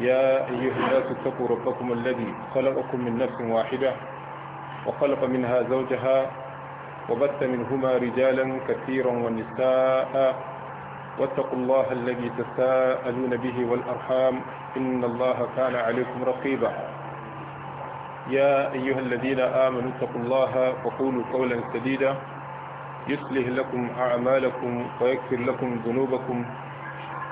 يا أيها الناس اتقوا ربكم الذي خلقكم من نفس واحدة وخلق منها زوجها وبث منهما رجالا كثيرا ونساء واتقوا الله الذي تساءلون به والأرحام إن الله كان عليكم رقيبا يا أيها الذين آمنوا اتقوا الله وقولوا قولا سديدا يصلح لكم أعمالكم ويكفر لكم ذنوبكم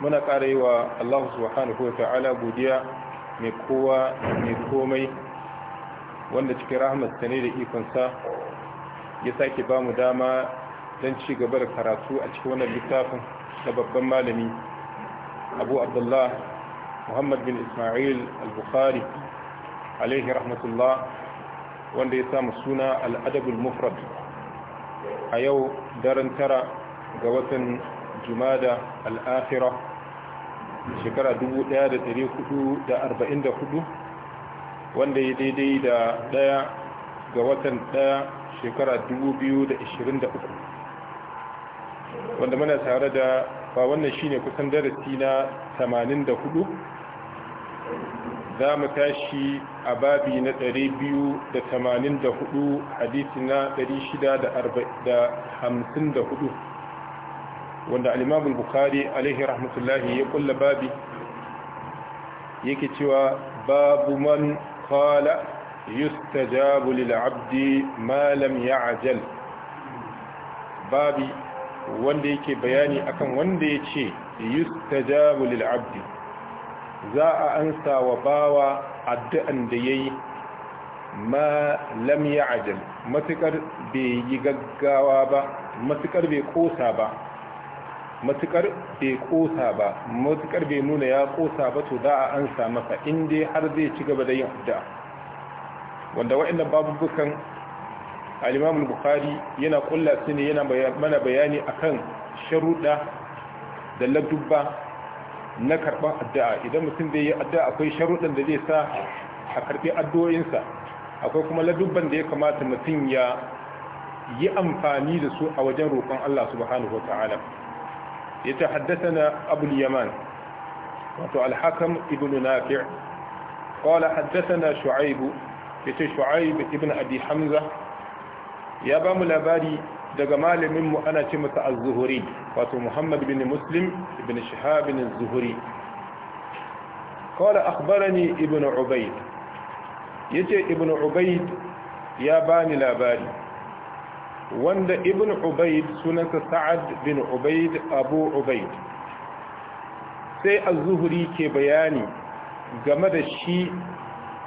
muna ƙara yi wa Allah subhanahu wa ta'ala godiya mai kowa mai komai wanda cikin rahmatsa ne da ikonsa ya sake ba mu dama don ci gaba da karatu a cikin wannan littafin na babban malami abu abdullah muhammad bin ismail al-bukhari alaihi rahmatullah wanda ya samu suna al'adabul mufrad a yau daren tara ga watan jumada al'afira shekara 1444 wanda ya daidai da daya ga watan daya shekara 2023 wanda muna tare da ba wannan shine kusan darasi na 84 za mu tashi a babi na 284 hadisi na 654 wanda al-Imam alaihi rahmatullahi ya kulla babi yake cewa babu man qala yustajabu lil 'abdi malam ya ya'jal babi wanda yake bayani akan wanda yace yustajabu lil 'abdi za a ansa wa bawa addu'an da yayi ma lam ya'jal matukar bai yi gaggawa ba matukar bai kosa ba matukar bai kosa ba matukar bai nuna ya kosa ba to za a ansa masa in har zai ci gaba da yin addu'a wanda wa'annan babubukan bukan imam bukhari yana kulla su ne yana mana bayani akan sharuɗa da ladubba na karɓar addu'a idan mutum zai yi addu'a akwai sharuɗan da zai sa a karɓi addu'o'insa akwai kuma ladubban da ya kamata mutum ya yi amfani da su a wajen roƙon Allah subhanahu wa ta'ala yace haddathana abul yaman wato ibn nafi' qala haddathana shu'aib yace shu'aib ibn abi hamza ya bamu labari daga malamin mu ana ce masa az-zuhri wato muhammad bin muslim ibn shihab ibn az-zuhri قال أخبرني ابن عبيد يجي ابن عبيد يا باني wanda ibn ubaid sunansa sa'ad bin ubaid abu ubaid sai az-zuhri ke bayani game da shi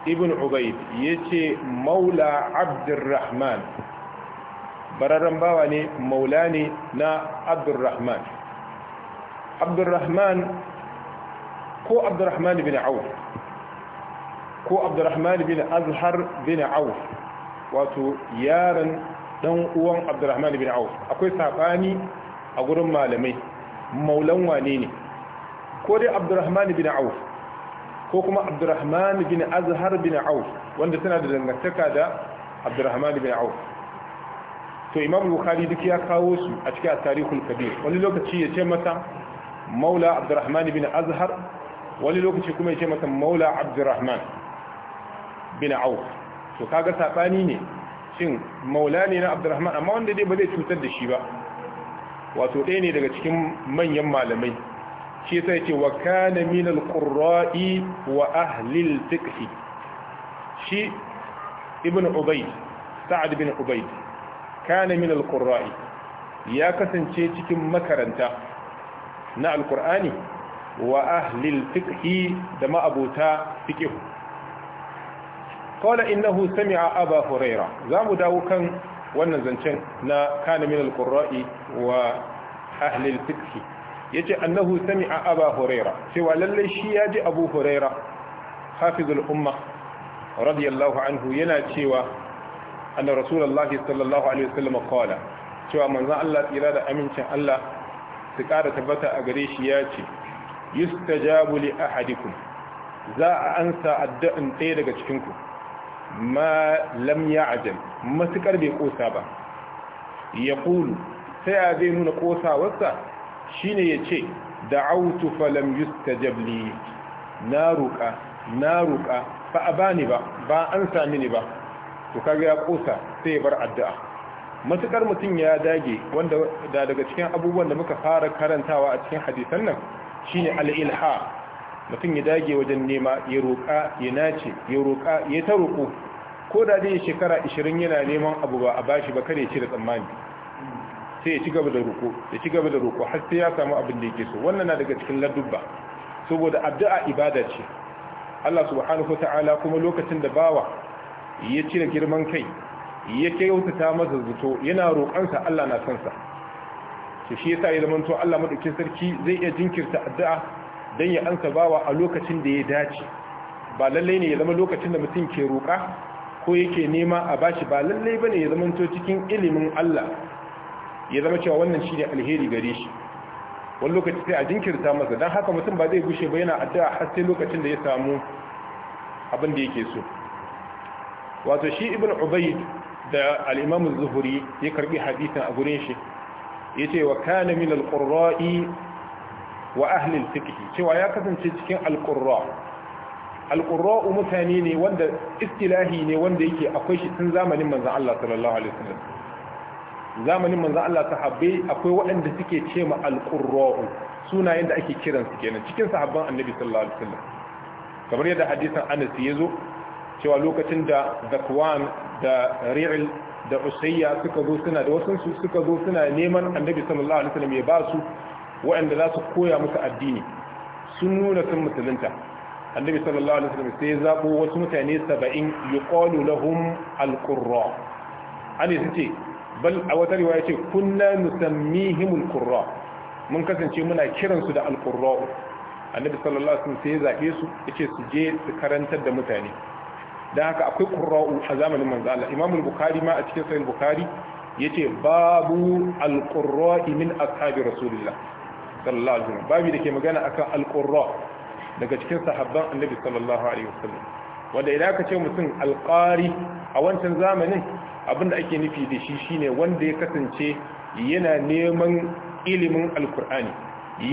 ibn ubaid yace maula abdurrahman bararan bawa ne maula ne na abdurrahman abdurrahman ko abdurrahman bin auf ko abdurrahman bin azhar bin auf wato yaran dan uwan abdurrahman bin auf akwai sabani a gurin malamai maulan wane ne ko dai abdurrahman bin auf ko kuma abdurrahman bin azhar bin auf wanda tana da dangantaka da abdurrahman bin auf to imam bukhari duk ya kawo su a cikin tarihul kabir wani lokaci ya ce masa maula abdurrahman bin azhar wani lokaci kuma ya ce masa maula abdurrahman bin auf to kaga sabani ne shin Maulani na abdurrahman amma wanda dai ba zai cutar da shi ba wato ɗaya ne daga cikin manyan malamai shi sai ce wa kana min al wa ahli al shi ibn Ubai, sa'ad bin Ubai, kana min al ya kasance cikin makaranta na al wa ahli al da ma'abota fiqh Kola innahu a aba huraira zamu dawo kan wannan zancen na kana min wa ahli ya yace annahu sami'a aba huraira cewa lallai shi ya ji abu huraira hafizul umma radiyallahu anhu yana cewa anna rasulallah sallallahu alaihi wasallam qala cewa manzon Allah tsira da amincin Allah su kara tabbata a gare shi ya ce yustajabu li ahadikum za a ansa addu'an ɗaya daga cikinku ma lam ya ajal matukar bai kosa ba ya kulu sai a zai nuna kosawarsa shine ya ce da'autu falam yustajab li na roƙa na ba a bani ba ba an sami ni ba to kaga ya kosa sai ya bar addu'a matukar mutum ya dage wanda da daga cikin abubuwan da muka fara karantawa a cikin hadisan nan shine al-ilha mutum ya dage wajen nema ya roƙa ya nace ya roƙa ya ta roƙo ko da zai shekara 20 yana neman abu ba a bashi ba kada ya cire da tsammani sai ya ci gaba da roƙo ya ci gaba da roƙo har sai ya samu abin da yake so wannan na daga cikin ladubba saboda addu'a ibada ce Allah subhanahu wataala kuma lokacin da bawa ya cire girman kai ya kyautata masa zuto yana roƙansa Allah na son sa to shi yasa ya zamanto Allah madaukakin sarki zai iya jinkirta addu'a don ya ansa bawa a lokacin da ya dace ba lallai ne ya zama lokacin da mutum ke roƙa ko yake nema a bashi ba lallai ba ne ya zama to cikin ilimin Allah ya zama cewa wannan shi ne alheri gare shi wani lokaci sai a jinkirta masa don haka mutum ba zai gushe ba yana addu'a har sai lokacin da ya samu abin da yake so wato shi ibn ubayd da al-imam az-zuhri ya karbi hadisin a gurin shi yace wa kana min al-qurra'i wa ahlil fiqhi cewa ya kasance cikin alqurra alqurra mutane ne wanda istilahi ne wanda yake akwai shi tun zamanin manzon Allah sallallahu alaihi wasallam zamanin manzon Allah sahabbai akwai waɗanda suke ce ma alqurra sunayen da ake kiran su kenan cikin sahabban annabi sallallahu alaihi wasallam kamar yadda hadisin Anas zo cewa lokacin da Zakwan da Ri'il da Usayya suka zo suna da wasu suka zo suna neman annabi sallallahu alaihi wasallam ya ba su waɗanda za su koya musu addini sun nuna sun musulunta annabi sallallahu alaihi wasallam sai zabo wasu mutane 70 yuqalu lahum alqurra ani sace bal a wata riwaya ce kunna nusammihim alqurra mun kasance muna kiran su da alqurra annabi sallallahu alaihi wasallam sai zabe su yace su je su karantar da mutane dan haka akwai qurra'u a zamanin manzo Allah Imam bukhari ma a cikin sahih bukhari yace babu alqurra'i min ashabi rasulillah sallallahu alaihi babu da ke magana akan alqurra daga cikin sahabban annabi sallallahu alaihi wasallam wanda idan aka ce mutum alqari a wancan zamanin abinda ake nufi da shi shine wanda ya kasance yana neman ilimin alqur'ani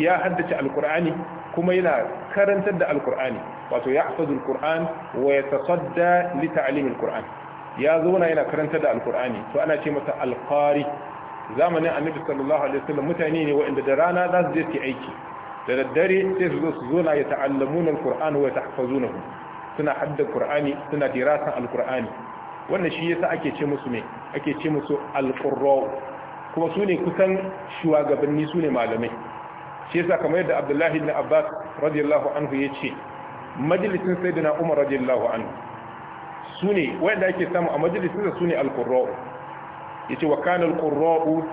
ya haddace alqur'ani kuma yana karantar da alqur'ani wato ya hafazu alqur'an wa yatasadda li ta'lim alqur'an ya zauna yana karantar da alqur'ani to ana ce masa alqari zamanin annabi sallallahu alaihi wasallam mutane ne waɗanda da rana za su je su aiki da daddare sai su zo su zo na ya ta'allamuna alquran wa tahfazunahu suna hadda qur'ani suna dirasan Alƙur'ani wannan shi yasa ake ce musu ne ake ce musu alqurra kuma su ne kusan shugabanni su ne malamai shi yasa kamar yadda Abdullahi ibn Abbas radiyallahu anhu yace majalisin sayyidina Umar radiyallahu anhu su ne wanda ake samu a majalisin su ne alqurra yace wa kana al-qurra'u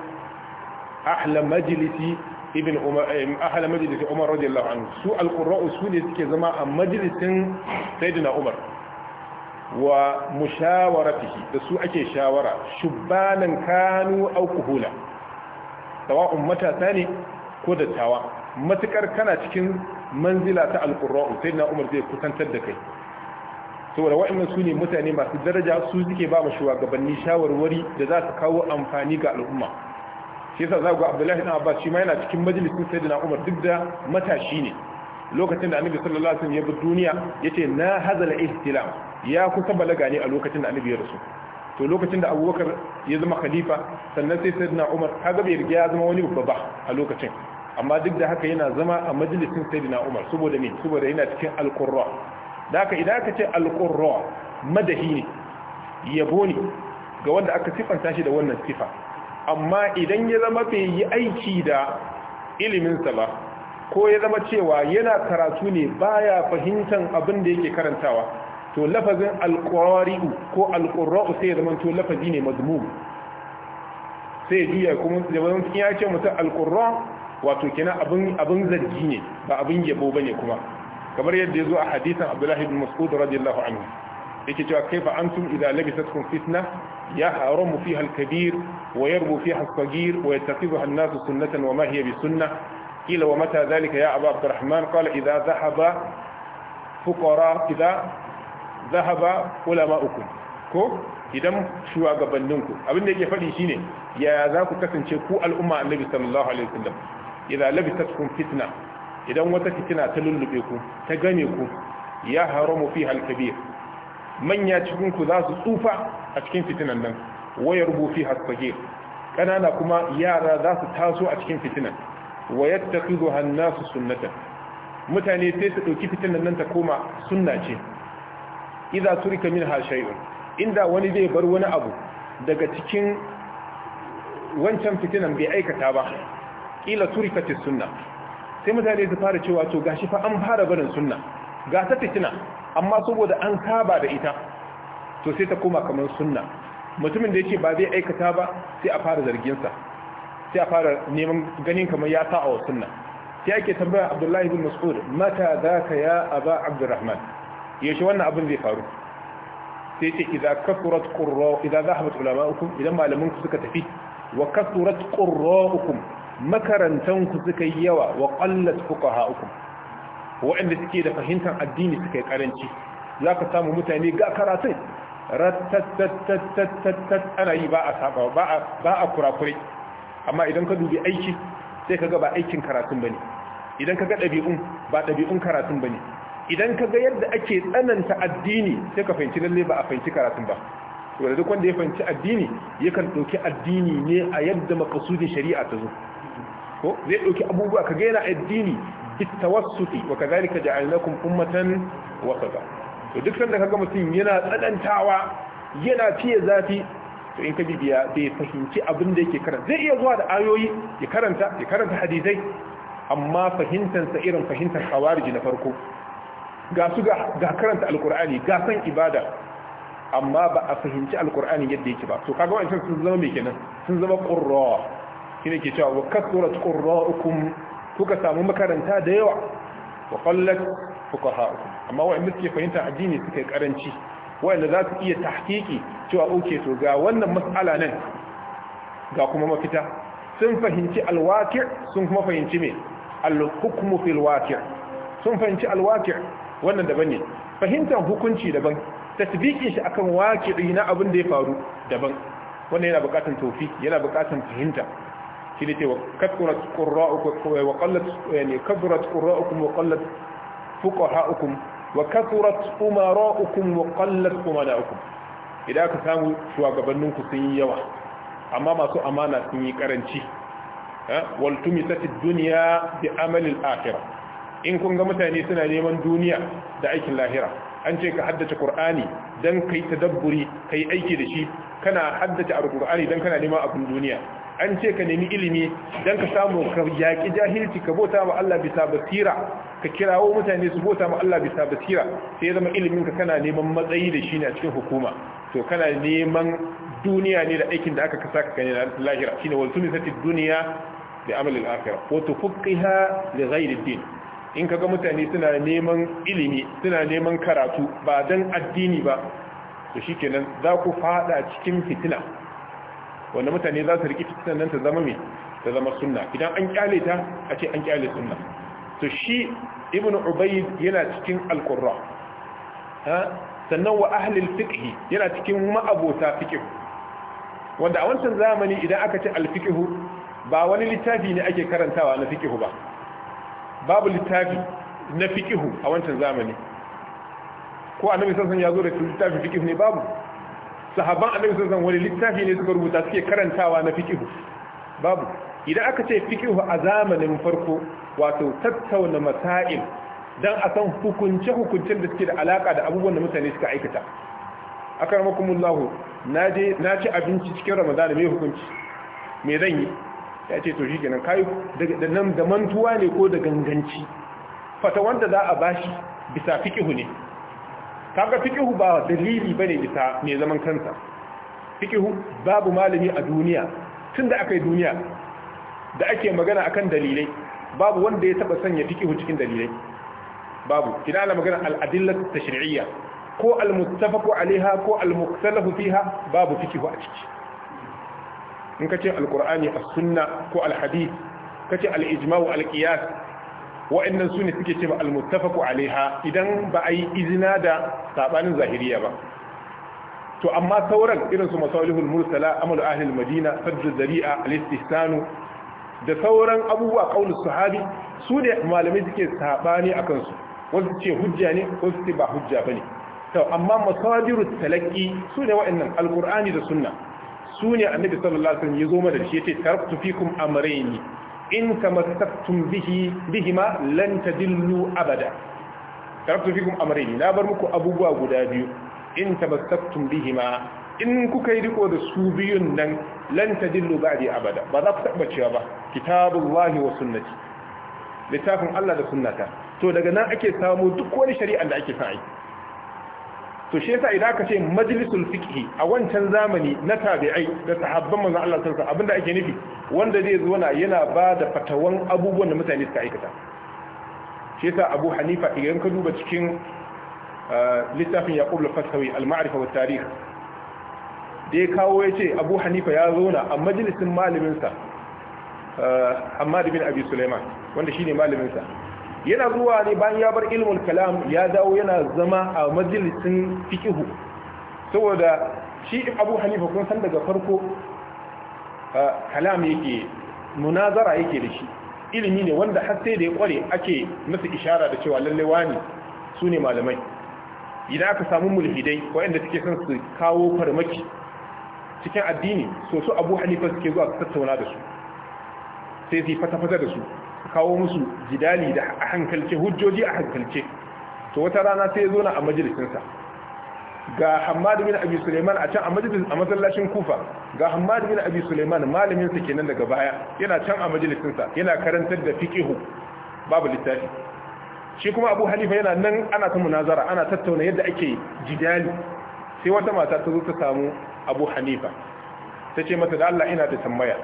ahla majlisi umar eh, ahla majlisi su al sune su suke zama a majlisin sayyidina umar wa mushawaratihi da su ake shawara shubbanan kanu aw kuhula sawa'un matasa ne ko dattawa matukar kana cikin manzila ta al-qurra'u umar zai kusantar da kai saboda wa'annan su ne mutane masu daraja su suke ba mashuwa gabanni shawarwari da za su kawo amfani ga al'umma shi yasa ku Abdullahi ibn Abbas shi ma yana cikin majalisin Sayyidina Umar duk da matashi ne lokacin da Annabi sallallahu alaihi wasallam ya bi duniya yace na hazal ihtilam ya kusa balaga ne a lokacin da Annabi ya rasu to lokacin da Abubakar ya zama khalifa sannan sai Sayyidina Umar kaga bai riga ya zama wani babba ba a lokacin amma duk da haka yana zama a majalisin Sayyidina Umar saboda me saboda yana cikin al da haka idan aka ce alqurra madahi ne yabo ne ga wanda aka sifanta shi da wannan sifa amma idan ya zama bai yi aiki da iliminsa ba ko ya zama cewa yana karatu ne baya fahimtar abin da yake karantawa to lafazin alqari'u ko alqurra'u sai ya zama to lafazi ne mazmum sai ya juya kuma zaman ya ce mutum alqurra wato kina abin abin zargi ne ba abin yabo bane kuma kamar yadda ya zo a hadisan abdullahi bin mas'ud radiyallahu anhu yake cewa kaifa antum idza labisatkum fitna ya haramu fiha al-kabir wa yarbu fiha al-saghir wa yattakhidhuha an-nasu sunnatan wa ma hiya bisunnah qila wa mata dhalika ya abu abdurrahman qala idza dhahaba fuqara idza dhahaba ulama'ukum ko idan shugabanninku abin da yake fadi shine ya za ku kasance ku al'umma annabi sallallahu alaihi wasallam idza labisatkum fitna idan wata fitina ta lullube ku ta game ku ya haramu fi halkabir manya cikin ku za su tsufa a cikin fitinan nan wayar bufi hasfage kanana kuma yara za su taso a cikin fitinan wa hannu su sunnatan mutane sai su ɗauki fitinan nan ta koma sunna ce idza turika min shay'un inda wani zai bar wani abu daga cikin wancan fitinan bai aikata ba kila turikatis sunna sai mutane su fara cewa to gashi fa an fara barin sunna ga ta fitina amma saboda an kaba da ita to sai ta koma kamar sunna mutumin da yake ba zai aikata ba sai a fara zargin sa sai a fara neman ganin kamar ya sa'a wa sunna sai ake tambaya Abdullahi bin Mas'ud mata zaka ya Aba Abdurrahman yaushe wannan abin zai faru sai ce idza kasurat qurra idza zahabat ulama'ukum idan malamanku suka tafi wa kasurat qurra'ukum makarantanku suka yi yawa wa ƙallat fuka uku waɗanda suke da fahimtar addini suka yi ƙaranci za ka samu mutane ga karatun ratattatattattat ana yi ba a saba ba amma idan ka dubi aiki sai ka ba aikin karatun ba idan ka ga ba ɗabi'un karatun ba idan ka yadda ake tsananta addini sai ka fahimci lalle ba a fahimci karatun ba to duk wanda ya fahimci addini yakan ɗauki addini ne a yadda makasudin shari'a ta zo ko zai dauki abubuwa kaga yana addini tawassuti wa kadhalika ja'alnakum ummatan wasata to duk sanda kaga mutum yana tsadantawa yana fiye zafi to in ka bibiya bai fahimci abin da yake karanta zai iya zuwa da ayoyi ya karanta ya karanta hadisai amma fahimtansa irin fahimtar khawariji na farko ga su ga karanta alkur'ani ga san ibada amma ba a fahimci alqur'ani yadda yake ba to kaga wannan sun zama me kenan sun zama qurra shine ke cewa wa kasurat qurra'ukum kuka samu makaranta da yawa wa qallat fuqaha'ukum amma wa'in suke fahimta addini suke karanci wa'anda za su iya tahqiqi cewa oke to ga wannan mas'ala nan ga kuma mafita sun fahimci alwaqi' sun kuma fahimci me al-hukmu fil waqi' sun fahimci alwaqi' wannan daban ne fahimtar hukunci daban tasbiqin shi akan waqi'i na abin da ya faru daban wannan yana buƙatar tawfiki yana buƙatar fahimta shi ne ce wa kathurat qurra'ukum wa qallat yani kathurat qurra'ukum wa qallat fuqaha'ukum wa kathurat umara'ukum wa qallat idan samu shugabannin ku sun yi yawa amma masu amana sun yi karanci wal tumisat ad-dunya bi amal al-akhirah in kun ga mutane suna neman duniya da aikin lahira an ce ka haddace qur'ani dan kai tadabburi kai aiki da shi kana haddace alqur'ani dan kana neman abin duniya an ce ka nemi ilimi dan ka samu ka yaki jahilci ka bota ma Allah bisa basira ka kirawo mutane su bota ma Allah bisa basira sai ya zama ilimin ka kana neman matsayi da shi ne a cikin hukuma to kana neman duniya ne da aikin da aka kasa ka gani lahira shine wal tumisati dunya da amal al-akhirah wa tufaqiha li ghayri din in kaga mutane suna neman ilimi suna neman karatu ba dan addini ba to shi kenan za ku fada cikin fitina wanda mutane za su riki fitinan nan ta zama mai ta zama sunna idan an kyale ta a ce an kyale sunna to shi ibnu ubayd yana cikin alqurra ha sannan wa ahli alfiqh yana cikin ma'abota fiqh wanda a wancan zamani idan aka ce alfiqh ba wani littafi ne ake karantawa na fiqh ba babu littafi na fiqh a wancan zamani ko annabi sallallahu ya zo da littafi fiqh ne babu sahabban annabi sallallahu wani littafi ne suka rubuta suke karantawa na fiqh babu idan aka ce fiqh a zamanin farko wato tattauna masail dan a san hukunce hukuncen da suke da alaka da abubuwan da mutane suka aikata akramakumullah naje na ci abinci cikin ramadan mai hukunci me zan yi ya ce to shikenan kai da nan da mantuwa ne ko da ganganci fata wanda za a bashi bisa fiqh ne kaga fikihu ba dalili bane ita mai zaman kansa Fiƙihu babu malami a duniya tunda akai duniya da ake magana akan dalilai babu wanda ya taba sanya fikihu cikin dalilai babu Ina ana magana al-adillah tashri'iyya ko al-muttafaqu alaiha ko al-mukhtalafu fiha babu fikihu a ciki in kace al-qur'ani as-sunna ko al-hadith kace al-ijma'u al-qiyas wa'annan su ne suke ce ba almuttafaku alaiha idan ba a yi izina da sabanin zahiriya ba to amma sauran irin su masalihul mursala amalu ahli madina saddu zari'a al-istihsanu da sauran abubuwa kaulus sahabi su ne malamai suke sabani akan su wasu ce hujja ne wasu ce ba hujja bane to amma masadirut talaqi su ne wa'annan alqur'ani da sunna su ne annabi sallallahu alaihi wasallam ya zo mana da shi yace taraktu fikum amrayni in tamassaktum bihi bihima lan tadillu abada taraktu fikum amrayni na bar muku abubuwa guda biyu in tamassaktum bihima in kuka yi riko da su biyun nan lan tadillu ba'di abada ba za ku taba cewa ba kitabullahi wa sunnati littafin Allah da sunnata to daga nan ake samu duk wani shari'a da ake sa'i to shi yasa idan aka ce majlisul fiqh a wancan zamani na tabi'ai da sahabban manzon Allah sallallahu alaihi wasallam abinda ake nufi wanda zai zo na yana ba da fatawan abubuwan da mutane suka aikata shi yasa Abu Hanifa idan ka duba cikin uh, littafin Yaqub al-Fathawi al-Ma'rifa wa tarikh da ya kawo ya ce Abu Hanifa ya zauna a majalisin malaminsa uh, Hamad ibn Abi Sulaiman wanda shine malaminsa yana zuwa ne bayan ya bar ilmul kalam ya dawo yana zama a majalisin fikihu saboda shi abu hanifa kun san daga farko kalam yake munazara yake da shi ilimi ne wanda har sai da ya kware ake masa ishara da cewa lalle wani su ne malamai idan aka samu mulhidai waɗanda suke son su kawo farmaki cikin addini so su abu hanifa suke zuwa su tattauna da su sai su fata-fata da su kawo musu jidali da a hankalce hujjoji a hankalce to wata rana sai zo na a majalisinsa ga Hamad bin Abi suleiman a can a majalisin a masallacin Kufa ga Hamad bin Abi suleiman malamin sa kenan daga baya yana can a majalisinsa yana karantar da fiqhu babu littafi shi kuma Abu halifa yana nan ana ta munazara ana tattauna yadda ake jidali sai wata mata ta zo ta samu Abu halifa ta ce masa da Allah ina ta tambaya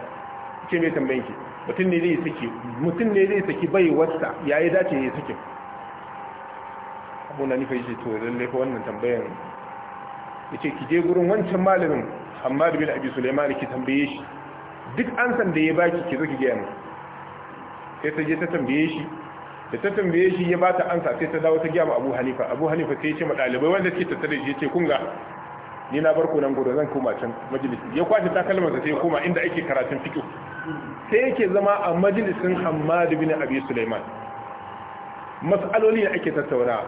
ce mai tambayin ki mutum ne zai saki mutum ne zai saki bai wasta yi dace ya saki abu na nufa ce to zalle ko wannan ya ce ki je gurin wancan malamin da bin Abi Sulaiman ki tambaye shi duk ansan da ya baki ki zo ki gaya mu sai ta je ta tambaye shi da ta tambaye shi ya bata ansa sai ta dawo ta ga mu Abu Hanifa Abu Hanifa sai ya ce ma wanda suke tattare shi ce kun ga ni na barko nan gudu zan koma can majalisi ya kwashe takalmarsa sai ya koma inda ake karatun fiqh sai yake zama a majalisin hamadu bin abi suleiman matsaloli da ake tattaura,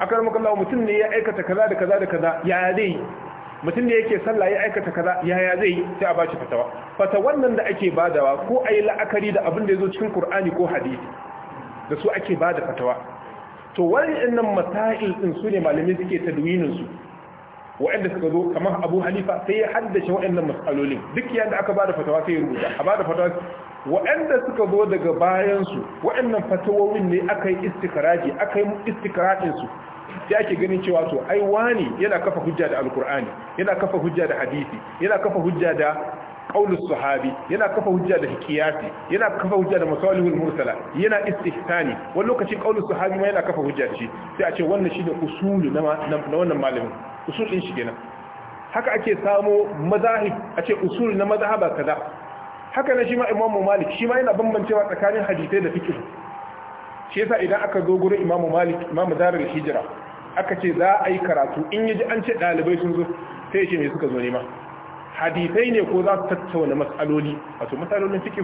a karmakallahu mutum ne ya aikata kaza da kaza da kaza ya zai mutum ne yake sallah ya aikata kaza ya ya zai sai a bashi fatawa fata wannan da ake badawa ko a yi la'akari da abin da ya zo cikin Kur'ani ko hadisi da su ake bada fatawa to wani nan masail din su ne malamai suke tadwinin su wa'anda suka zo kamar abu halifa sai ya haddace wa'annan matsalolin duk yadda aka ba fatawa sai ya rubuta a ba fatawa wa'anda suka zo daga bayansu wa'annan fatawowin ne aka yi istikaraji aka yi su sai ake ganin cewa to ai wani yana kafa hujja da alkur'ani yana kafa hujja da hadisi yana kafa hujja da qaulus sahabi yana kafa hujja da hikiyati yana kafa hujja da masalihul mursala yana istihsani wani lokaci qaulus sahabi ma yana kafa hujja da shi sai a ce wannan shine usulu na wannan malamin usul din shi kenan haka ake samo mazahib a ce usul na mazhaba kaza haka na shi ma Imam Malik shi ma yana bambancewa tsakanin hadisai da fiqh shi yasa idan aka zo gurin Imam Malik Imam Darul Hijra aka ce za a yi karatu in yaji an ce dalibai sun zo sai ce me suka zo ne ma hadisai ne ko za su tattauna masaloli wato masalolin fiqh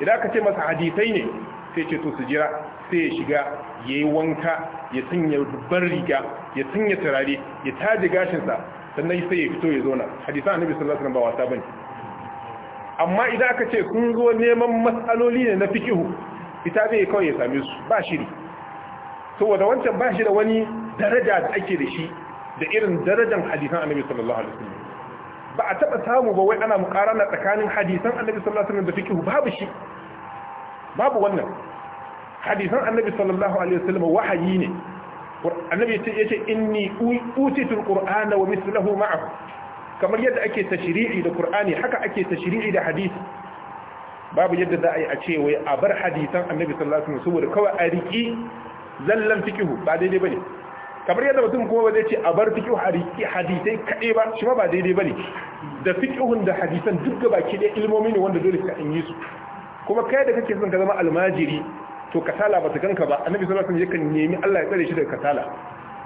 idan aka ce masa hadisai ne sai ce to su jira sai ya shiga yayi wanka ya sanya babbar riga ya sanya turare ya taji gashinsa sannan sai ya fito ya zauna hadisan annabi sallallahu alaihi wasallam ba wasa bane amma idan aka ce kun zo neman matsaloli ne na fikihu ita zai kawai ya same su ba shiri saboda wancan ba shi da wani daraja da ake da shi da irin darajar hadisan annabi sallallahu alaihi wasallam ba a taba samu ba wai ana mukarana tsakanin hadisan annabi sallallahu alaihi wasallam da fikihu babu shi babu wannan hadisan annabi sallallahu alaihi wasallam wahayi ne annabi ya ce inni utitul qur'ana wa mithluhu ma'ahu kamar yadda ake tashri'i da qur'ani haka ake tashri'i da hadisi babu yadda za a yi a ce wai a bar hadisan annabi sallallahu alaihi wasallam saboda kawai a riki zallan fikihu ba daidai bane kamar yadda mutum kuma zai ce a bar fikihu a riki hadisai kaɗai ba shi ma ba daidai bane da fikihun da hadisan duk gaba ki da ilmomi ne wanda dole ka in yi su kuma kai da kake son ka zama almajiri to kasala ba ta ganka ba annabi sallallahu alaihi wasallam yakan nemi Allah ya tsare shi daga kasala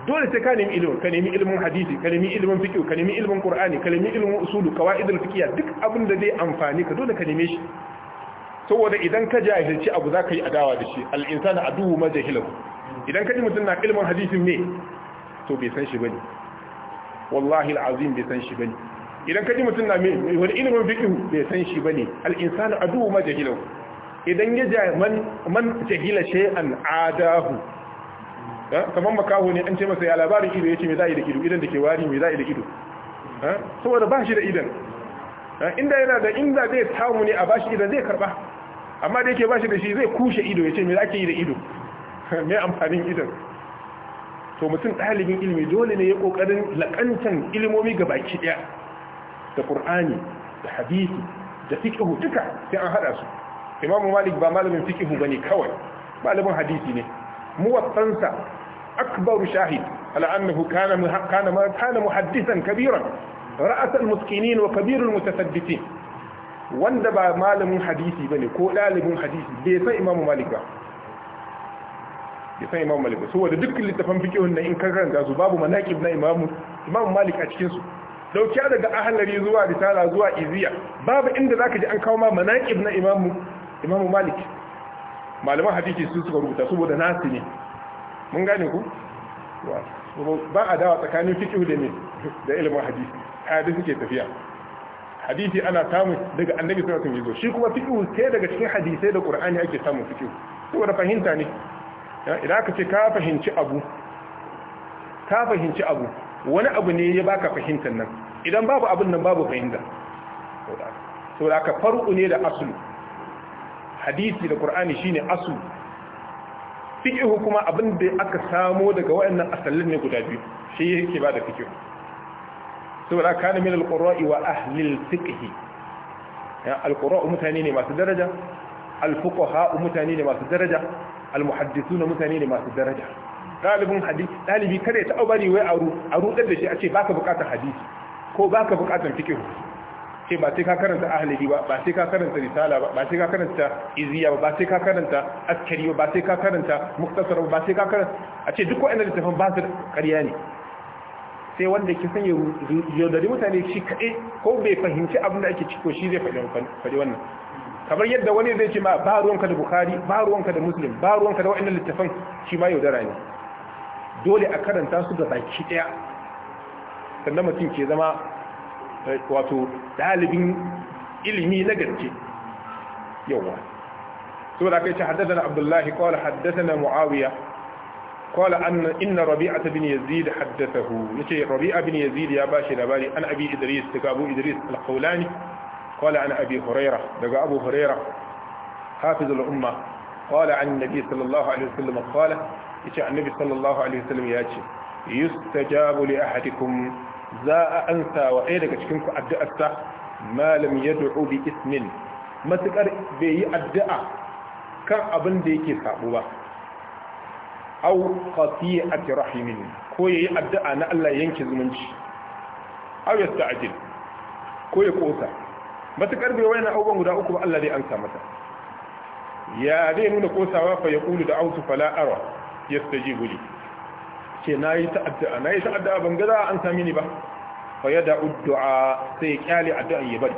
dole sai ka nemi ilimin ka nemi ilimin hadisi ka nemi ilimin fiqh ka nemi ilimin qur'ani ka nemi ilimin usulu qawaidul fiqh duk abin da zai amfani ka dole ka neme shi saboda idan ka jahilci abu zaka yi adawa da shi al insanu aduhu ma jahilahu idan ka ji mutum na ilimin hadisin ne to bai san shi bane wallahi al azim bai san shi bane idan ka ji mutum na wani ilimin fiqh bai san shi bane al insanu aduhu ma jahilahu idan ya ja man jahila an adahu kamar makaho ne an ce masa ya labarin ido ya ce me za'i da ido idan da ke wari me za'i da ido saboda ba shi da idan inda yana da inda zai tamu ne a shi idan zai karba amma da yake shi da shi zai kushe ido yace me ke yi da ido me amfanin idan to mutum ɗalibin ilimi dole ne ya kokarin lakantan ilimomi ga baki daya da Ƙur'ani, da hadisi da fiƙihu duka sai an hada su Imamu malik ba malamin fikihu bane kawai malamin hadisi ne muwattansa akbaru shahid ala annahu kana kana kana muhaddisan kabiran ra'as al-muskinin wa kabir al-mutasaddifin wanda ba malamin hadisi bane ko dalibin hadisi bai san imam malik ba bai imamu malik ba saboda dukkan littafan fikihun nan in ka karanta su babu manaqib na imamu imam malik a cikin su dauki daga ahalari zuwa risala zuwa iziya babu inda zaka ji an kawo ma manaqib na imamu. imamu malik malaman hadisi sun suka rubuta saboda nasi ne mun gane ku ba a dawa tsakanin fikihu da ne da ilimin hadisi hadisi suke tafiya hadisi ana samu daga annabi sun yi wasallam shi kuma fikihu sai daga cikin hadisai da qur'ani ake samun fikihu saboda fahimta ne idan ka ce ka fahimci abu ka fahimci abu wani abu ne ya baka fahimtar nan idan babu abin nan babu fahimta saboda aka faru ne da asulu hadisi da ƙur'ani shine asu fiqhu kuma abin da aka samo daga wayannan asallin ne guda biyu shi yake ba da fiqhu saboda kana min alqura'i wa ahli alfiqhi ya alqura'u mutane ne masu daraja alfuqaha mutane ne masu daraja almuhaddithuna mutane ne masu daraja dalibin hadisi dalibi kada ya taɓa bari wai a rudar da shi a ce ba ka bukatar hadisi ko ba ka bukatar fiqhu ce ba sai ka karanta ahlali ba ba sai ka karanta risala ba ba sai ka karanta iziya ba ba sai ka karanta askari ba ba sai ka karanta muktasar ba sai ka karanta a ce duk wa'annan littafin ba su ƙarya ne sai wanda ke sanya yaudari mutane shi kaɗai ko bai fahimci abin da ake ciko shi zai faɗi wannan kamar yadda wani zai ce ma ba ruwanka da bukhari ba ruwanka da muslim ba ruwanka da wa'annan littafin shi ma yaudara ne dole a karanta su da baki ɗaya sannan mutum ke zama Eh, wato dalibin ilimi na gaske yawa saboda kai ce haddathana abdullahi qala haddathana muawiya qala anna inna rabi'ata bin yazid haddathahu yace rabi'a bin yazid ya bashi labari an abi idris daga abu idris al-qawlani qala an abi hurairah daga abu hurairah hafiz al-umma qala an nabi sallallahu alaihi wasallam qala yace annabi sallallahu alaihi wasallam yace yustajabu li za a ansa wa ɗaya daga cikin ku addu'arsa malam ya yad'u bi ismin matukar bai yi addu'a kan abin da yake sabo ba aw qati'ati rahimin ko yayi addu'a na Allah yanke zumunci aw yasta'jil ko ya kosa matukar bai wayana abubuwan guda uku ba Allah zai amsa masa ya zai nuna kosawa fa ya kulu da autu fala ara yastajibu li ce na yi ta'addu'a na yi ta'addu'a ban gaza an sami ni ba fa ya da'u du'a sai kyale addu'an ya bari